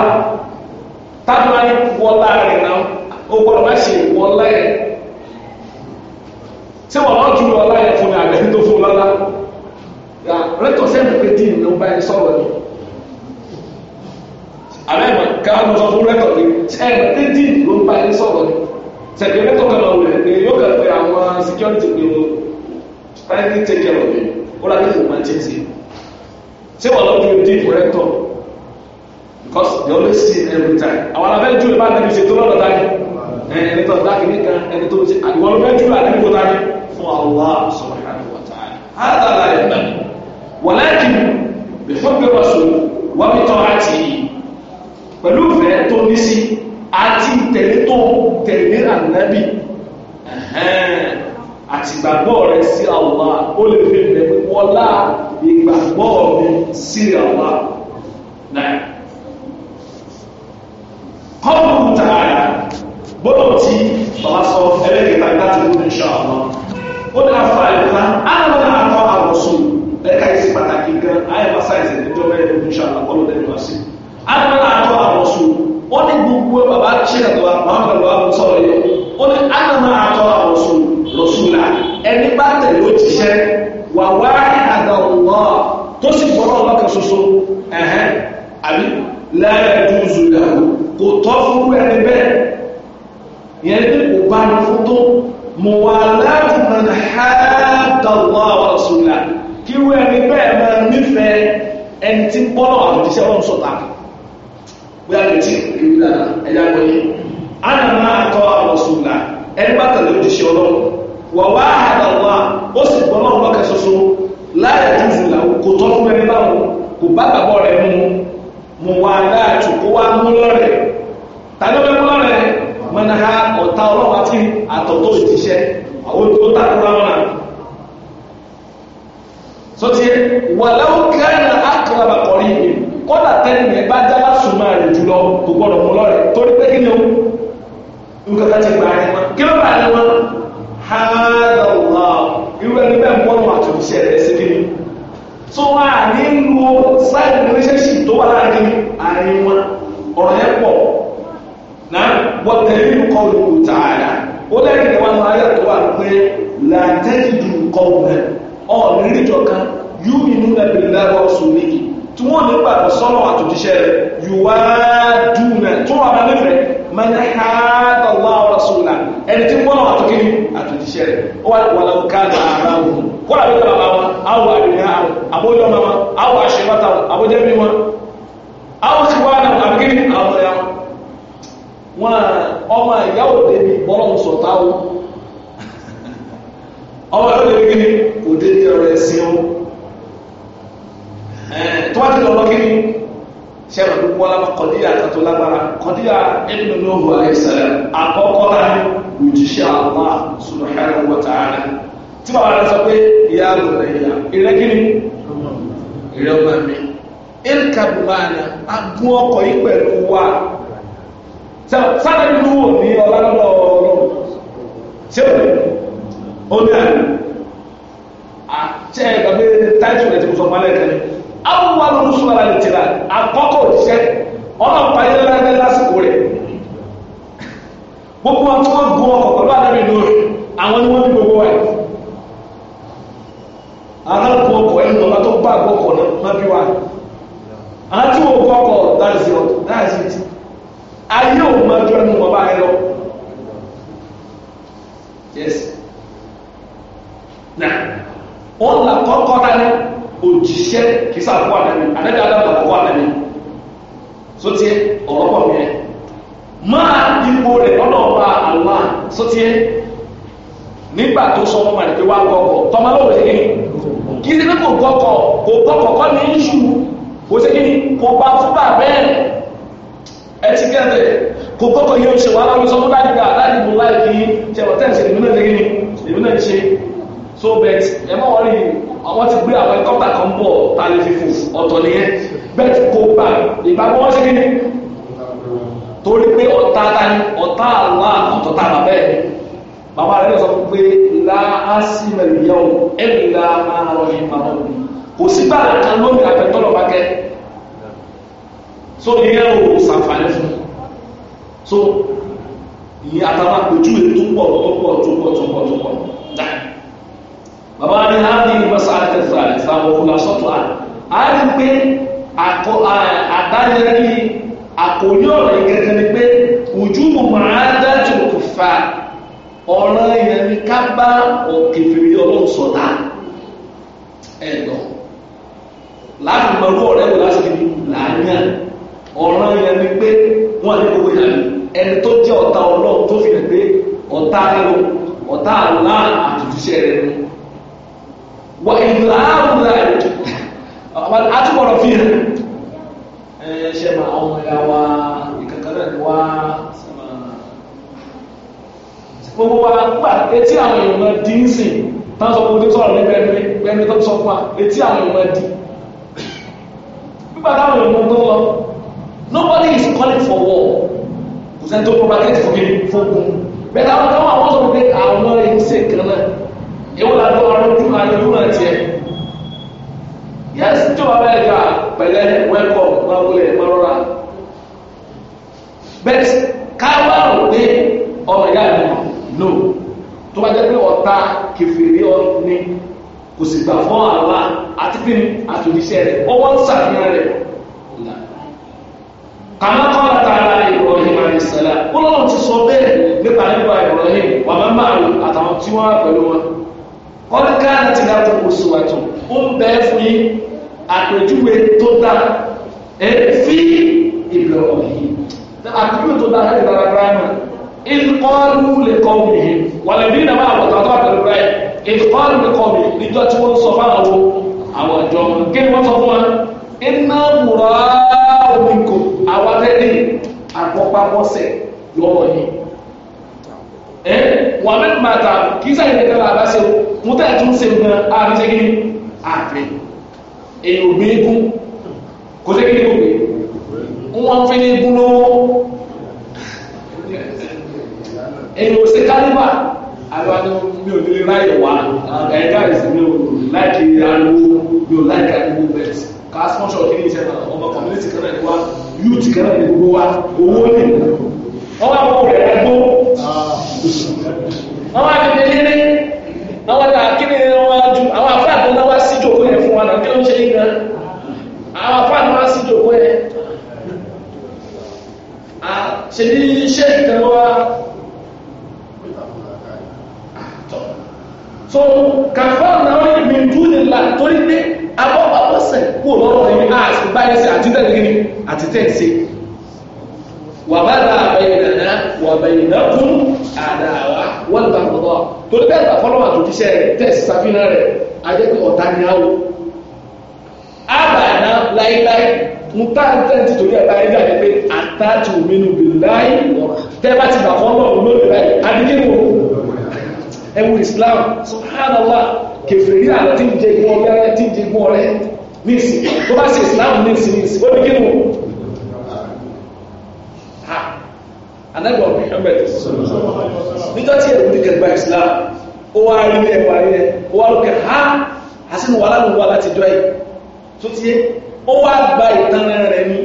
tábà wọlá rẹ̀ náà ó gbọ́dọ̀ má ṣe wọlá yẹn ṣé wọ́n lọ́ọ́ ju wọlá yẹn fún mi àbẹ́ tó fún lọ́lá rẹ́tọ̀ sẹ́ni pé tí ìlú bá yẹn sọ̀rọ̀ ni àbẹ́ mọ̀ káwọn sọ fún rẹ́tọ̀ ni sẹ́ni pé tí ìlú bá yẹn sọ̀rọ̀ ni sẹ́ni rẹ́tọ̀ kan lọ́wọ́ rẹ̀ ni yóò kàn pé àwọn security pé o private take care of me Say wọ́n lọ́ọ́ dúró dín corrector because they always sin every time àwọn abẹ́rẹ́ jùlọ bá níbi ṣètò lọ́dọ̀ dání ẹni tó dákì níta ẹni tó ṣe àwọn abẹ́rẹ́ jùlọ àdébí kò dání fún Allah subhanahu wa ta'ala hada la yambaghi walakin bi hubbi rasul wa bi ta'atihi pẹ̀lú ìfẹ́ tó ní sí àti tẹ̀lé tó tẹ̀lé ànábì àti ìgbàgbọ́ rẹ̀ sí Allah ó lè fi ìrẹ̀wọ̀lá ìgbàgbọ́ mi sí àwa náà. kọ́ọ̀kù tààrà gbọ́dọ̀ tí bàbá sọ ẹlẹ́gẹ̀ta láti ló ní ṣọ́ àwọn ó dá fún àìkúta àwọn àtọ́ àwọ̀sù ẹ̀ka ìsìn pàtàkì gan àìmọ̀ sáìsì ìjọba ẹ̀rọ ní ṣọ́ àwọn kọ́lọ̀ lẹ́nu wá sí àwọn àtọ́ àwọ̀sù ó ní gbogbo bàbá ṣẹlẹ̀ tó wà máa ń kan ṣoṣo ẹ̀hẹ́n àbí láyé dúzù ìyàwó kò tọ́ fún ẹni bẹ́ẹ̀ ìyẹn ní kò bá ní fún tó mọ̀ wà láti mọ̀ hádàlá ọ̀rọ̀sùnlá kí wọ́n ẹni bẹ́ẹ̀ máa nífẹ̀ẹ́ ẹni tí ń bọ́lọ̀ àtúntíṣẹ́ wọn sọ̀tà bóyá lè ti rí dára ẹ̀yà wọ̀nyí ana máa tọ́ àrọ̀sùnlá ẹni bá tẹ̀lé òjíṣẹ́ ọlọ́run wà wá hádàlá ó sì bọ́lọ̀ kò bá gbàgbọ́ rẹ̀ mu mu wà láàtù kó wá mú lọ́rẹ̀ tàbí ọmọ ẹgbẹ́ lọ́rẹ̀ mọ́nà ha ọ̀tá ọlọ́wà tí àtọ̀tọ̀ ìjíṣẹ́ ó tàkúrà wọn náà sọtí wà láwùjọ àkàràbà kọrí yìí kọ́dà tẹ́lẹ̀ bá jábá sùnmọ́ rẹ̀ jùlọ kò gbọ́dọ̀ mú lọ́rẹ̀ torí pé kí ni ó nǹkan kan ti gbà ní wọn kí ló bá ní wọn hàdàlá irú ẹni bẹ́ẹ̀ mú ọ̀nà àtúnṣe rẹ̀ sí kí ni sáìdì relationship tó wà láàrin àárín wọn ọ̀rọ̀ yẹn pọ̀ náà wọ́n tẹ̀lé ìkọ́ olùkọ́ tààrà ó lẹ́yìn ìwà náà ayé tó wà pé làtẹ́jù kọ́ wọn ọ̀rọ̀ ìrìnjọ kan yóò inú nàbẹ̀ lẹ́rọ̀ sùn níyì tí wọ́n ní gbàgbọ́ sọ́nà àtòjíṣẹ́ rẹ̀ yùwá dùnà tó wà máa nífẹ̀ẹ́ mẹ́tẹ́hàdàláwọ̀ rasùlà ẹni tí wọ́n àtòkè àtòjíṣẹ́ rẹ̀ ó wà lọ́kàn àrà òun kọ́lá bí kọ́lá bá wọn awọ àdìrẹ́ àwọn àbójọ́ ọmọ wọn awọ àṣẹmọ́ta wọn àbójẹ́ bí wọn awọ ti wá náà àbíkí àwọn ọ̀yà wọn ọmọ ìyáwó débi bọ́lọ̀ sọ̀tà O ọmọ ìyáwó débi kí ni kò débi ọ̀rọ̀ ẹ̀sìn wọn tó wá ti lọ lọ́kí ni sẹ́wọ̀n tó wọ́n lábá kọ́díyà kàtó lágbára kọ́díyà ẹnu ló wà ẹ̀sẹ̀ àkọ́kọ́ láyé òjìṣẹ́ àwọn subhanahu wa ta'ala tí bàbá rẹ̀ sọ pé ìyá àgbò rẹ̀ yà ìrẹ́ kí ni ìrẹ́ ọmọ mi ìrìkàdùmáàna agún ọkọ̀ yìí pẹ̀lú wa sáré ló wò ní ọlá lọ́dọ̀ ọ̀rọ̀ ṣé o lè o ní àná àti ẹ̀ka pé táìtù rẹ̀ ti sọ pálẹ̀ kan ní àwọn wà lóru sùn ara lè tìlà àkọ́kọ́ òṣìṣẹ́ ọlọ́pàá yẹn lálẹ́ lásìkò rẹ̀ gbogbo àwọn tí wọ́n gun ọkọ̀ pẹ̀lú àdábì lórí àwọn ni wọ́n ní gbogbo wáyé. alákòó ọkọ̀ ẹnu bàbá tó bá àgbọ̀ ọkọ̀ náà bí wà. àwọn tí wọ́n kọ́ ọkọ̀ láìsí ọ̀tọ̀ láìsí ti ayé yes. na wọn là kọ́kọ́ dání òjíṣẹ́ kìsà fún àdáni àdáni àdáni àkọ́kọ́ àdáni sóti ọ̀rọ̀ mìíràn máa rẹ̀ ọba nígbà tó sọ màdìpé wà kí ni pé kò gbọ́kọ̀ kò gbọ́kọ̀ kọ́ ní iṣu kò sí kí ni kò bá fún bàbẹ́ rẹ̀ ẹ ti gẹ́gẹ́ kò gbọ́kọ̀ yẹ oṣù wàhálà mi sọ fún láti gbà láti mú láì kí ṣe wọ́n tẹ̀ ṣe èmi náà ṣe kí ni èmi náà ṣe so bet ẹ mọ̀ wọ́n rí àwọn ti gbé àwọn ẹ̀kọ́pà kan bọ̀ tálẹ́ fífò ọ̀tọ̀ nìyẹn bet kò gbà ìgbàgbọ́ wọn ṣe kí ni torí pé ọ̀tá ta ni ọ̀tá àlọ́ àkọ́tọ̀ tá a bàbẹ́ rẹ̀ bàbá rẹ̀ sọ pé láásì mẹ̀lìyàn ẹ̀rìlá àárọ̀ ìmàmọ̀ mi kò sí gbàgbà kan lómi àfẹ́tọ́lọ̀ bá kẹ́ so ìyẹn ò ṣàǹfààní fún so ìyẹn àtàwọn àpèjú ètò pọ̀ tó pọ̀ tó pọ̀ tó pọ̀ tó pọ̀ dá bàbá rẹ̀ á ní ìmọ̀sá àtẹ̀sà ìsàwọ̀ fúlàṣọ́tò à á rí pé àdáyẹrí àkòyí ọ̀rọ̀ ìgẹ̀gẹ̀ ni pé ojú mọ̀ máa dájú kò fà á ọ̀ràn yẹn ni ká bá òkèfèrè ọlọ́run sọ̀tà ẹ̀ lọ láti mọ owó ọ̀rẹ́ wò láti fi làányà ọ̀ràn yẹn ni pé wọ́n ní gbogbo ìyàrá ẹni tó jẹ́ ọ̀tá ọlọ́run tó fi hàn pé ọ̀tá ẹ̀rọ ọ̀tá àlá àtúntúnṣe rẹ̀ nù wà ìlà àwùrà àtúbọ̀rọ̀ fi hàn ẹ̀ ṣe máa ọmọ ya wá. gbogbo wa gbà etí àwọn èèyàn máa di ń sìn tán sọ fún sọ̀rọ̀ ní bẹ́ẹ̀ni bẹ́ẹ̀ni tó sọ fún wa etí àwọn èèyàn máa di gbígbà táwọn èèyàn tó lọ nobody is calling for war kò sẹ́ni tó propagate fún mi fún un bẹ́ẹ̀ táwọn táwọn àwọn sọ pé àwọn ìṣe kan náà èwo la lọ arọjú ayọjú náà tiẹ̀ yẹ́sì tí wàá bẹ́ẹ̀ gbà pẹ̀lẹ́ wẹ́kọ̀ máa wọlé máa rọra bẹ́ẹ̀ káwá ò dé ọmọ ìyá ìlú no tó bá jẹ́ pé ọ̀tá kẹfìrí ọ̀nì kò sì gbà fún àlá àti pé àtòjíṣẹ́ rẹ̀ ọwọ́ ń sàfihàn rẹ̀ kàmákọ́lá tààrà Ibrahim àdìsẹ́lá ó lọ́wọ́ ti sọ bẹ́ẹ̀ nípa nípa Ibrahim wà máa máa lò àtàwọn tí wọ́n pẹ̀lú wọn ọdíká láti láti oṣù àtún ó ń bẹ fún yí àpèjúwe tó dá ẹ fi ìbẹ̀rọ̀ yìí àpèjúwe tó dá láti إذ قالوا لقومهم والذين معه تطابق الرواية إذ قالوا لقومهم لجوت وصفاه أو جوم كيف وصفوها إنا براء منكم أو تدري أقوى بوسع يومي ẹ wọn bẹ máa ta kì í sáyẹn nìkan làbá ṣe o mo tẹ́ ẹ̀ tún ṣe nǹkan àbíṣe kí ni àbí èyí ò gbé egun kò sí kí ni kò gbé wọn fi ní egun lọ́wọ́ ẹ̀yin mo ṣe kálíbà mi ò nílé ráyè wá ah. ẹ̀yin káyè mi ò láìkì ariwo mi ò láìkì ariwo ká kí ni ọmọ kan náà wá kan náà gbogbo wa owó ni wọ́n rẹ̀ ah. wọ́n kí ni wọ́n ju àwọn sí ìjòkó yẹn fún wa náà kí ló ń ṣe yín so kàfáà náà wọ́n yìí mi dúró nílá torí pé abọ́bàbọ́sẹ̀ kú lọ́rọ̀ yìí àti báyìí sí àti tẹ̀lé ní àti tẹ̀sí wà bá dà àbẹ̀yìnàná wà bẹ̀yìnàkún àdàwà wọ́n bá lọ́wọ́ torí bẹ́ẹ̀ bá fọ́lọ́wà tó díṣẹ́ rẹ̀ tẹ̀sí sàfihàn rẹ̀ ajẹ́kọ̀ ọ̀tá ni áwò àbàná láíláí ń tá ń tẹ́ ti torí ẹ̀ta ẹ̀dá ni pé àtàtù mi nù bì láì tẹ́ bá ti bà fọ́lọ́wà lórí rẹ̀ ẹwù islam subhanallah kèfèrí àti ìjẹgún ọgbẹ́rẹ́ tí ìjẹgún ọrẹ́ níìsì tó bá sí islam níìsì níìsì ó ní kí nù ha anẹ́gbọ̀n Muhammad níjọ́ tí ẹ̀rù ní kẹgbà islam ó wá rí ẹwà rí ẹ ó wá lókè ha àsìnú wà lánàá wà láti jọ ẹ tó ti yé ó wá gba ìtanràn rẹ ní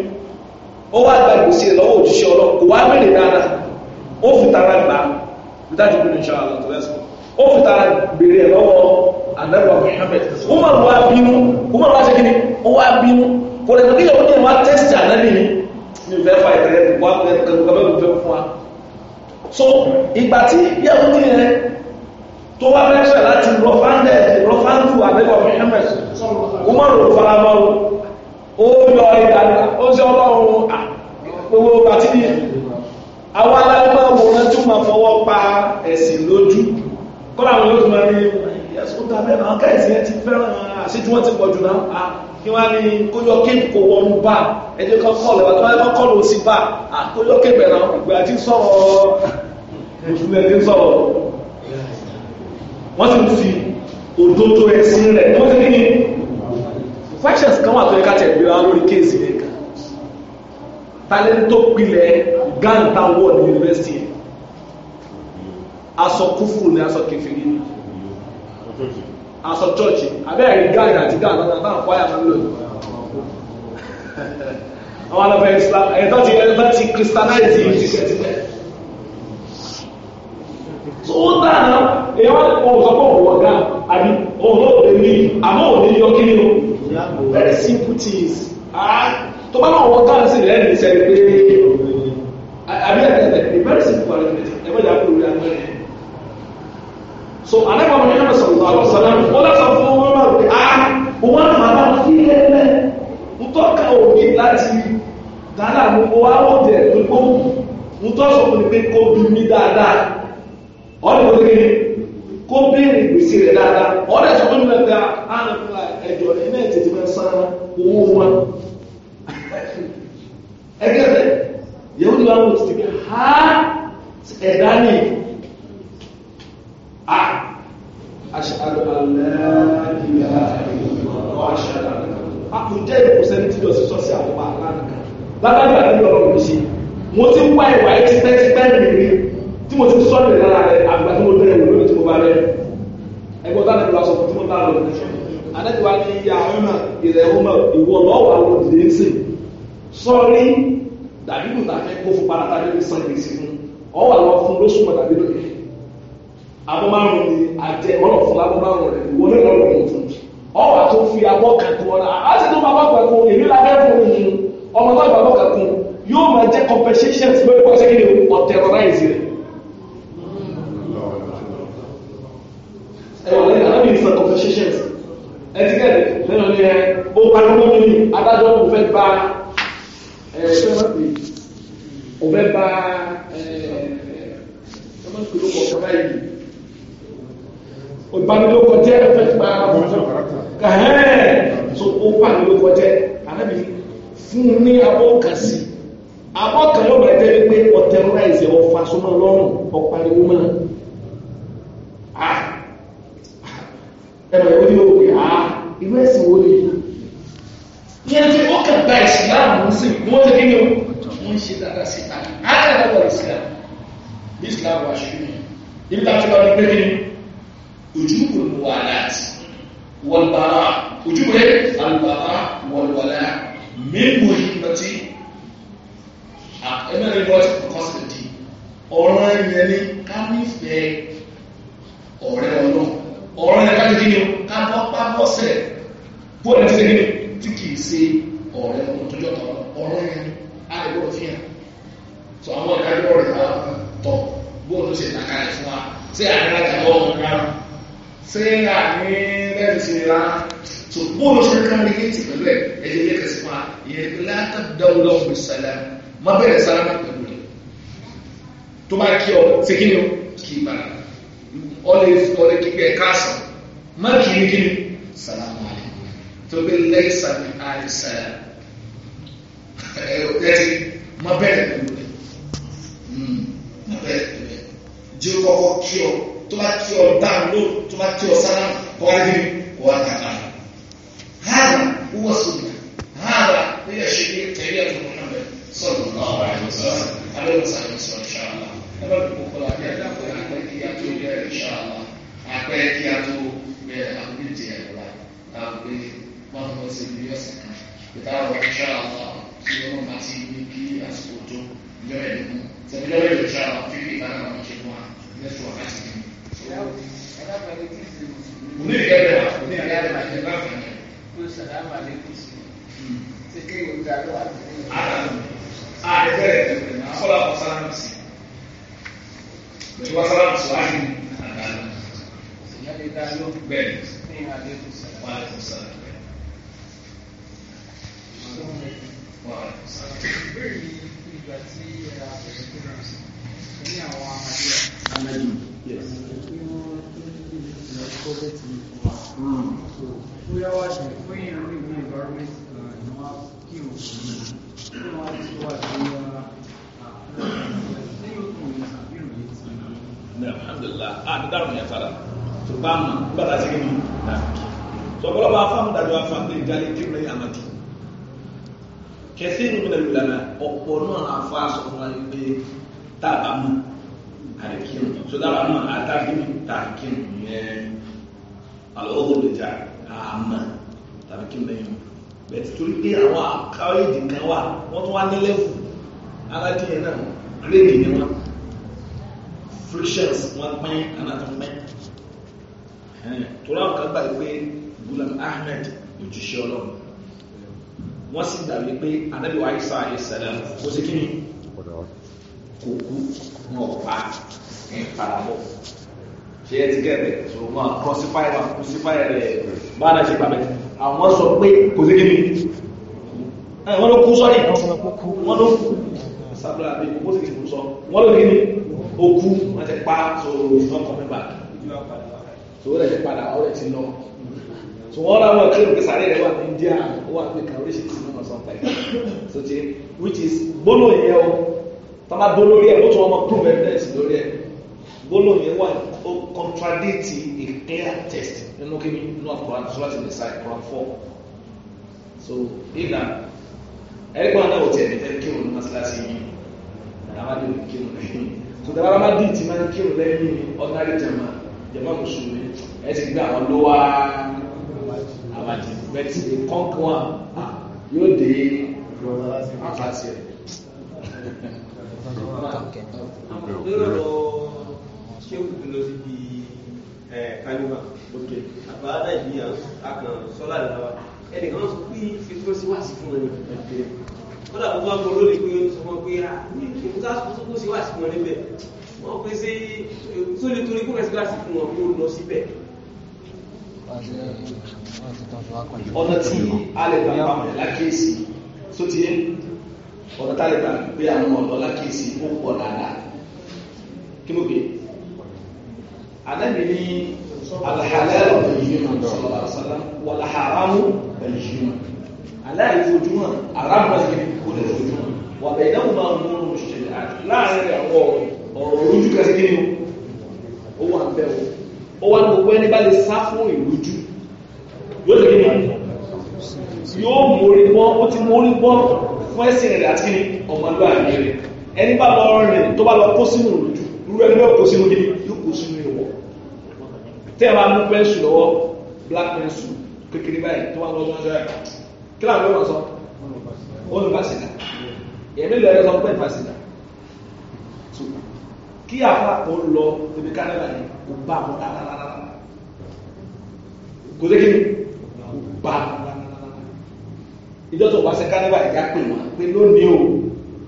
ó wá gba ìgbésí rẹ lọ́wọ́ òjíṣẹ́ ọlọ́ kò wá mẹ́rin dáadáa ó fi tara gbà á without even inshallah to let's ó fi tara bèrè lọ́wọ́ àdàbà Muhammad Umar wá bínú Umar wá ṣe kí ni ó wá bínú kò lè kí yàwó ní ìwà tẹ́sítì ànábì ni mi fẹ́ fa ìtẹ́rẹ́ wá fẹ́ kẹ́kọ̀ọ́ mi fẹ́ fún wa. so ìgbà tí yàwó ní yẹn tó wá mẹ́sẹ̀ láti rọfáńdẹ̀ rọfáńdù àdàbà Muhammad Umar ò fara mọ́ o ó yọ ìdàgbà ó ṣe ọlọ́run gbogbo bàtí ni àwọn alágbàwòrán tún máa fọwọ́ pa ẹ̀sìn lójú kọ́lá àwọn yóò tún máa ní ẹ̀sùn tá mẹ́rin àwọn káyẹ̀sì ẹ ti fẹ́ràn àṣí tí wọ́n ti pọ̀ jù náà kí wọ́n á ní kójọ kéèkì kò wọnú bá ẹjẹ́ kan kọ́ lẹ́wà tó wáyé kan kọ́ lọ sí bá kójọ kéèkì ẹ̀rọ ìgbé àti sọ̀rọ̀ ìṣúlẹ̀ ti sọ̀rọ̀ wọ́n ti fi òdodo ẹ̀sìn rẹ̀ wọ́n ti ní questions kan wà tó yẹ ká tẹ̀ gbé wa lórí kéèsì yẹn kan talent tó aṣọ kúfùrù ní aṣọ kẹfìrí ní aṣọ chọ́ọ̀chì abẹ́ẹ̀rí gáàdì àti gáàdì náà náà fọ́ àyàmọ́ lò àwọn alọ́fẹ́ Islam ẹ̀tọ́ ti ẹ̀tọ́ ti christianity ti ṣẹ̀tìlẹ̀ tó ń dà náà èyí wọ́n kọ́ ọ̀sọ́pọ̀ ọ̀gá àbí òun ó lè ní àmọ́ òun ní yọ kí ni o very simple things tó bá náà wọ́n gáàsì rẹ̀ ní sẹ́yìn pé àbí ẹ̀tẹ̀tẹ̀ very simple arithmetic ẹ̀mọ́jà kúrò rẹ̀ so alẹ́kọ̀ọ́ ọmọ yẹn sọ̀rọ̀ sọ̀rọ̀ àwọn sọ̀rọ̀ wọn lọ́sọ̀ fún wọn máa rẹ̀ á wọn á máa máa fi ilẹ̀ lẹ̀ ntọ́ka òbí láti dáná mú kó wá wọ́n tẹ̀ nípò ntọ́sọ̀ fún mi pé kó bí mi dáadáa ọ̀rẹ́ mi kékeré kó béèrè gbèsè rẹ̀ dáadáa ọ̀rẹ́ sọ fún mi ah, náà dáa á nà fún ẹ̀jọ̀ ẹ̀ náà tètè máa san owó wọn ẹgẹ́ rẹ̀ yẹ́wọ́n ti wá wọ́n ti ti ha ẹ̀dá nìyí. أشهد أن لا إله إلا الله وأشهد أن àkùjẹ́ ìkùsẹ́ni tí lọ sí sọ́sí àwọn àlànà lábàbí àdúgbò ọ̀rọ̀ mi ṣe mo ti ń wá ìwà ẹ̀ tipẹ́tipẹ́ rèé tí mo ti ń sọ́ọ̀nì lára rẹ̀ àgbà tí mo bẹ̀rẹ̀ wò lórí tí mo bá rẹ̀ ẹgbẹ́ ọ̀tá nípa sọ̀tún tí mo bá lọ adájọ́ ni ìyá ọ̀nà ìrẹ̀ ọmọ ìwọ lọ́wọ́ àwọn òdìdè ń sìn sọ́ọ̀rí dàbídù tàbí kó fún paratá lórí sàn gbèsè fún ọwọ́ àwọn fún lóṣù mọ̀ dàbídù kì abọ́ márùn ni àjẹ ọlọ́fun abọ́ márùn rẹ̀ wọlé lọ́rọ̀ mọ̀ fún mi ọwọ́ àti òfin abọ́ kàkún ọ̀la àti tó máa bá kàkún èmi la bẹ́ẹ̀ fún mi ọmọ tó àgbà bọ́ kàkún yóò máa jẹ́ compensation tí wọ́n ṣe kéde ọ̀tẹ̀rọ̀ráìsì rẹ̀. ẹ̀wọ̀n lẹ́yìn alábìyí sọ compensation ẹtí kẹ́lẹ̀ lẹ́nu ni ẹ ó pariwo ní adájọ́ mo fẹ́ gba ẹ fẹ́ má pè mo fẹ́ gba ẹ ẹ má pè ló pọ̀ kọ́ báyìí ìbanilóko jẹ́ fẹ́ẹ́ gba kàhẹ́ẹ̀ so ó banilóko jẹ́ ànábì fún un ní abọ́ kan sí abọ́ kan yóò bẹ̀rẹ̀ tẹ́lẹ̀ pé ọ̀tẹ̀rọ̀ láìsẹ̀ ọ̀fà sọmọ lọ́rùn ọ̀pariwo tí ọ sára kọ́ wá gírí kọ́ wá kàkà. Hàrà wúwọ́ sọ̀rọ̀ hàrà ní ẹ̀ṣẹ̀ ní tẹ̀lé ẹ̀dùn Muhammad sọ̀rọ̀ lọ́wọ́ àìsàn abẹ́rẹ́ sàrẹ̀ sọ̀rọ̀ ṣáàlà. Ẹ bá dùn kọ́kọ́ àbí àdàpọ̀ àpẹ́ kí a tó bẹ̀rẹ̀ ṣáàlà àpẹ́ kí a tó bẹ̀rẹ̀ àbúrò ìjìyà ìwà àgbẹ̀ wọn lọ sí ilé ọ̀sẹ̀ kan. Ìtàwọn ṣáàlà tí wọ́n máa ti ní kí àsìkò tó lọ́wọ́ lẹ́jà àmà tàbí kí lẹ́yìn bẹ́ẹ̀ ti torí pé àwọn àkáwéjì kan wà wọ́n tún wá ní lẹ́fù aládìyẹ náà gírèdì ni wọ́n frictions wọ́n pín anáta pín torí àwọn kan gbà pé Gulam Ahmed òjíṣẹ́ ọlọ́run wọ́n sì gbà pé Ànábì wa Isa àyẹ̀sẹ̀lẹ̀ kó sí kí ni kò kú wọn ò pa ẹ̀ parabọ̀ ṣe ẹ ti gẹ̀rẹ̀ so wọn kọsífáì wọn kọsífáì rẹ̀ bára ṣe pàmẹ́ àwọn sọ pé kò sí kíni wọ́n ló kú sọ́rí wọ́n ló kú sábúrà àbí kò sí kíni sọ wọ́n ló kíni ó kú wọ́n ti pa so wọ́n kọ̀ mẹ́bà so wọ́n ti padà wọ́n ti lọ so wọ́n láwọn kí ló sáré rẹ̀ wà ní India ó wà pé kàwé ṣe ti náà sọ́ńtà yìí so ti which is gbólóyè o tọ́lá gbólóyè o tún ọmọ prove evidence lórí ẹ̀ gbólóhùn yẹn wà ó contradict a clear text nínú kí nínú àkùrán tó láti lè sa ìkùrán fọ́ so ìlà ẹ̀ríkọ́ náà ò tiẹ̀ ní fẹ́ kírun ní masalasi yìí àmàdé ò kírun lẹ́yìn kò dára má dì tí má kírun lẹ́yìn ordinary jama jama mùsùlùmí ẹ ti gbé àwọn lówà àwàjì bẹ́ẹ̀ ti kọ́ńkọ́ à yóò dé àfàṣẹ. Thank you ṣéwù tó lọ sí bí kánúmà òkè àgbàdá ìgbìyàn akàn sọ́lá ìlàwà ẹnìkan sọ pé fífọ́ sí wáàsí fún ẹni kọ́lá tó bá gbọ́ lórí pé sọ fún pé ìfúnṣà ah, tó kó sí wáàsí fún ẹni bẹ̀ wọ́n pè sí tó lè torí kó fẹ́sí wáàsí fún wọn kó lọ síbẹ̀ ọ̀nà tí a lè gbà pàmò lákèésí tó ti ń ọ̀nà tá a lè pé àwọn ọ̀dọ́ lákèésí ó pọ̀ dáadáa kí ló gbé Ànábì ní alhalalu bayyinun sallallahu alaihi wasallam wal haramu bayyinun aláìwò ojúmọ̀ arábọ̀sí kò lè ojúmọ̀ wà bẹ̀ ìdáhùn máa mú oòrùn ṣẹlẹ̀ láàrin àwọn ọ̀rọ̀ ojú kẹsí kí ni ó wà ń bẹ̀rù ó wà ní gbogbo ẹni bá lè sá fún ìrújú tí ẹ bá mú pẹ́ńsù lọ́wọ́ black pẹ́ńsù kékeré báyìí tó wà lọ́wọ́ tó ń sọ kí làwọn yóò wọ́n sọ wọ́n lù bá sí dà èmi lọ yọ sọ pé bá sí dà tó kí àfa kò lọ ebi ká lẹ́la yìí kò bá mọ́ rárá kò dé kí kò bá mọ́ rárá ìjọ tó wá sí kánẹ́bà ìjà pè wọ́n pé lónìí o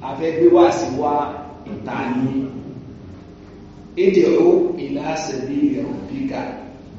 àfẹ́ gbé wá sí wá ìta ni èdè ó ìlà àṣẹbí ẹ̀rọ bíga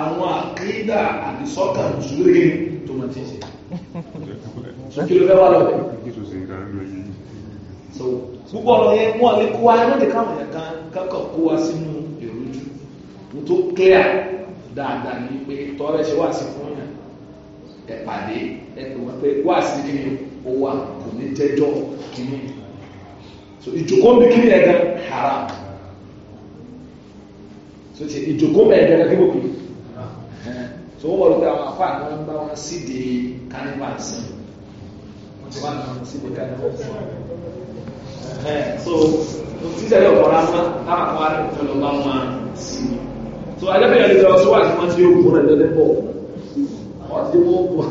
àwọn àkídà àdìsọ́kà ìṣúlẹ̀ tó mọ̀ tí ń ṣe púpọ̀ lọ yẹ wọ́n lè kó wa ẹgbẹ́ tí káwọn yẹ kan kọ́kọ́ kó wa sínú ìrújú tó clear dáadáa ní pé tọ́rẹ ṣe wà sí fún yàn ẹ̀pàdé ẹ̀pẹ̀ wọn pé wà sí kí ni ó wà kò ní jẹ́jọ́ kí ni so ìjòkó ń bí kí ni ẹ̀gán hara? so ti ìjòkó ń bẹ̀ ẹ̀gán kí ni so wọ́n wọ́n pé àwọn afọ àná ń bá wọn síde carnivals wọ́n ti wá ní wọn síde carnivals so sísẹ́lẹ̀ ọ̀pọ̀lá ń bá àwọn afọ àná ìfẹ́ lọ́ba wọn sí i so adébẹ̀ yẹn lè lọ sí wàásù wọn ti yóò kúrò ẹ̀dẹ́dẹ́ pọ̀ wọ́n ti wọ́n pọ̀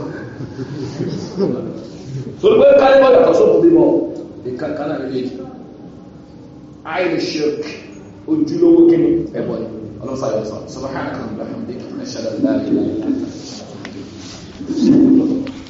so pé carnival yàtọ̀ sóòpù bímọ ìkankan náà lè àìlè ṣe ojúlówó kíni ẹ̀bọ̀ yìí. اللهم صل وسلم سبحانك اللهم وبحمدك نشهد ان لا اله الا انت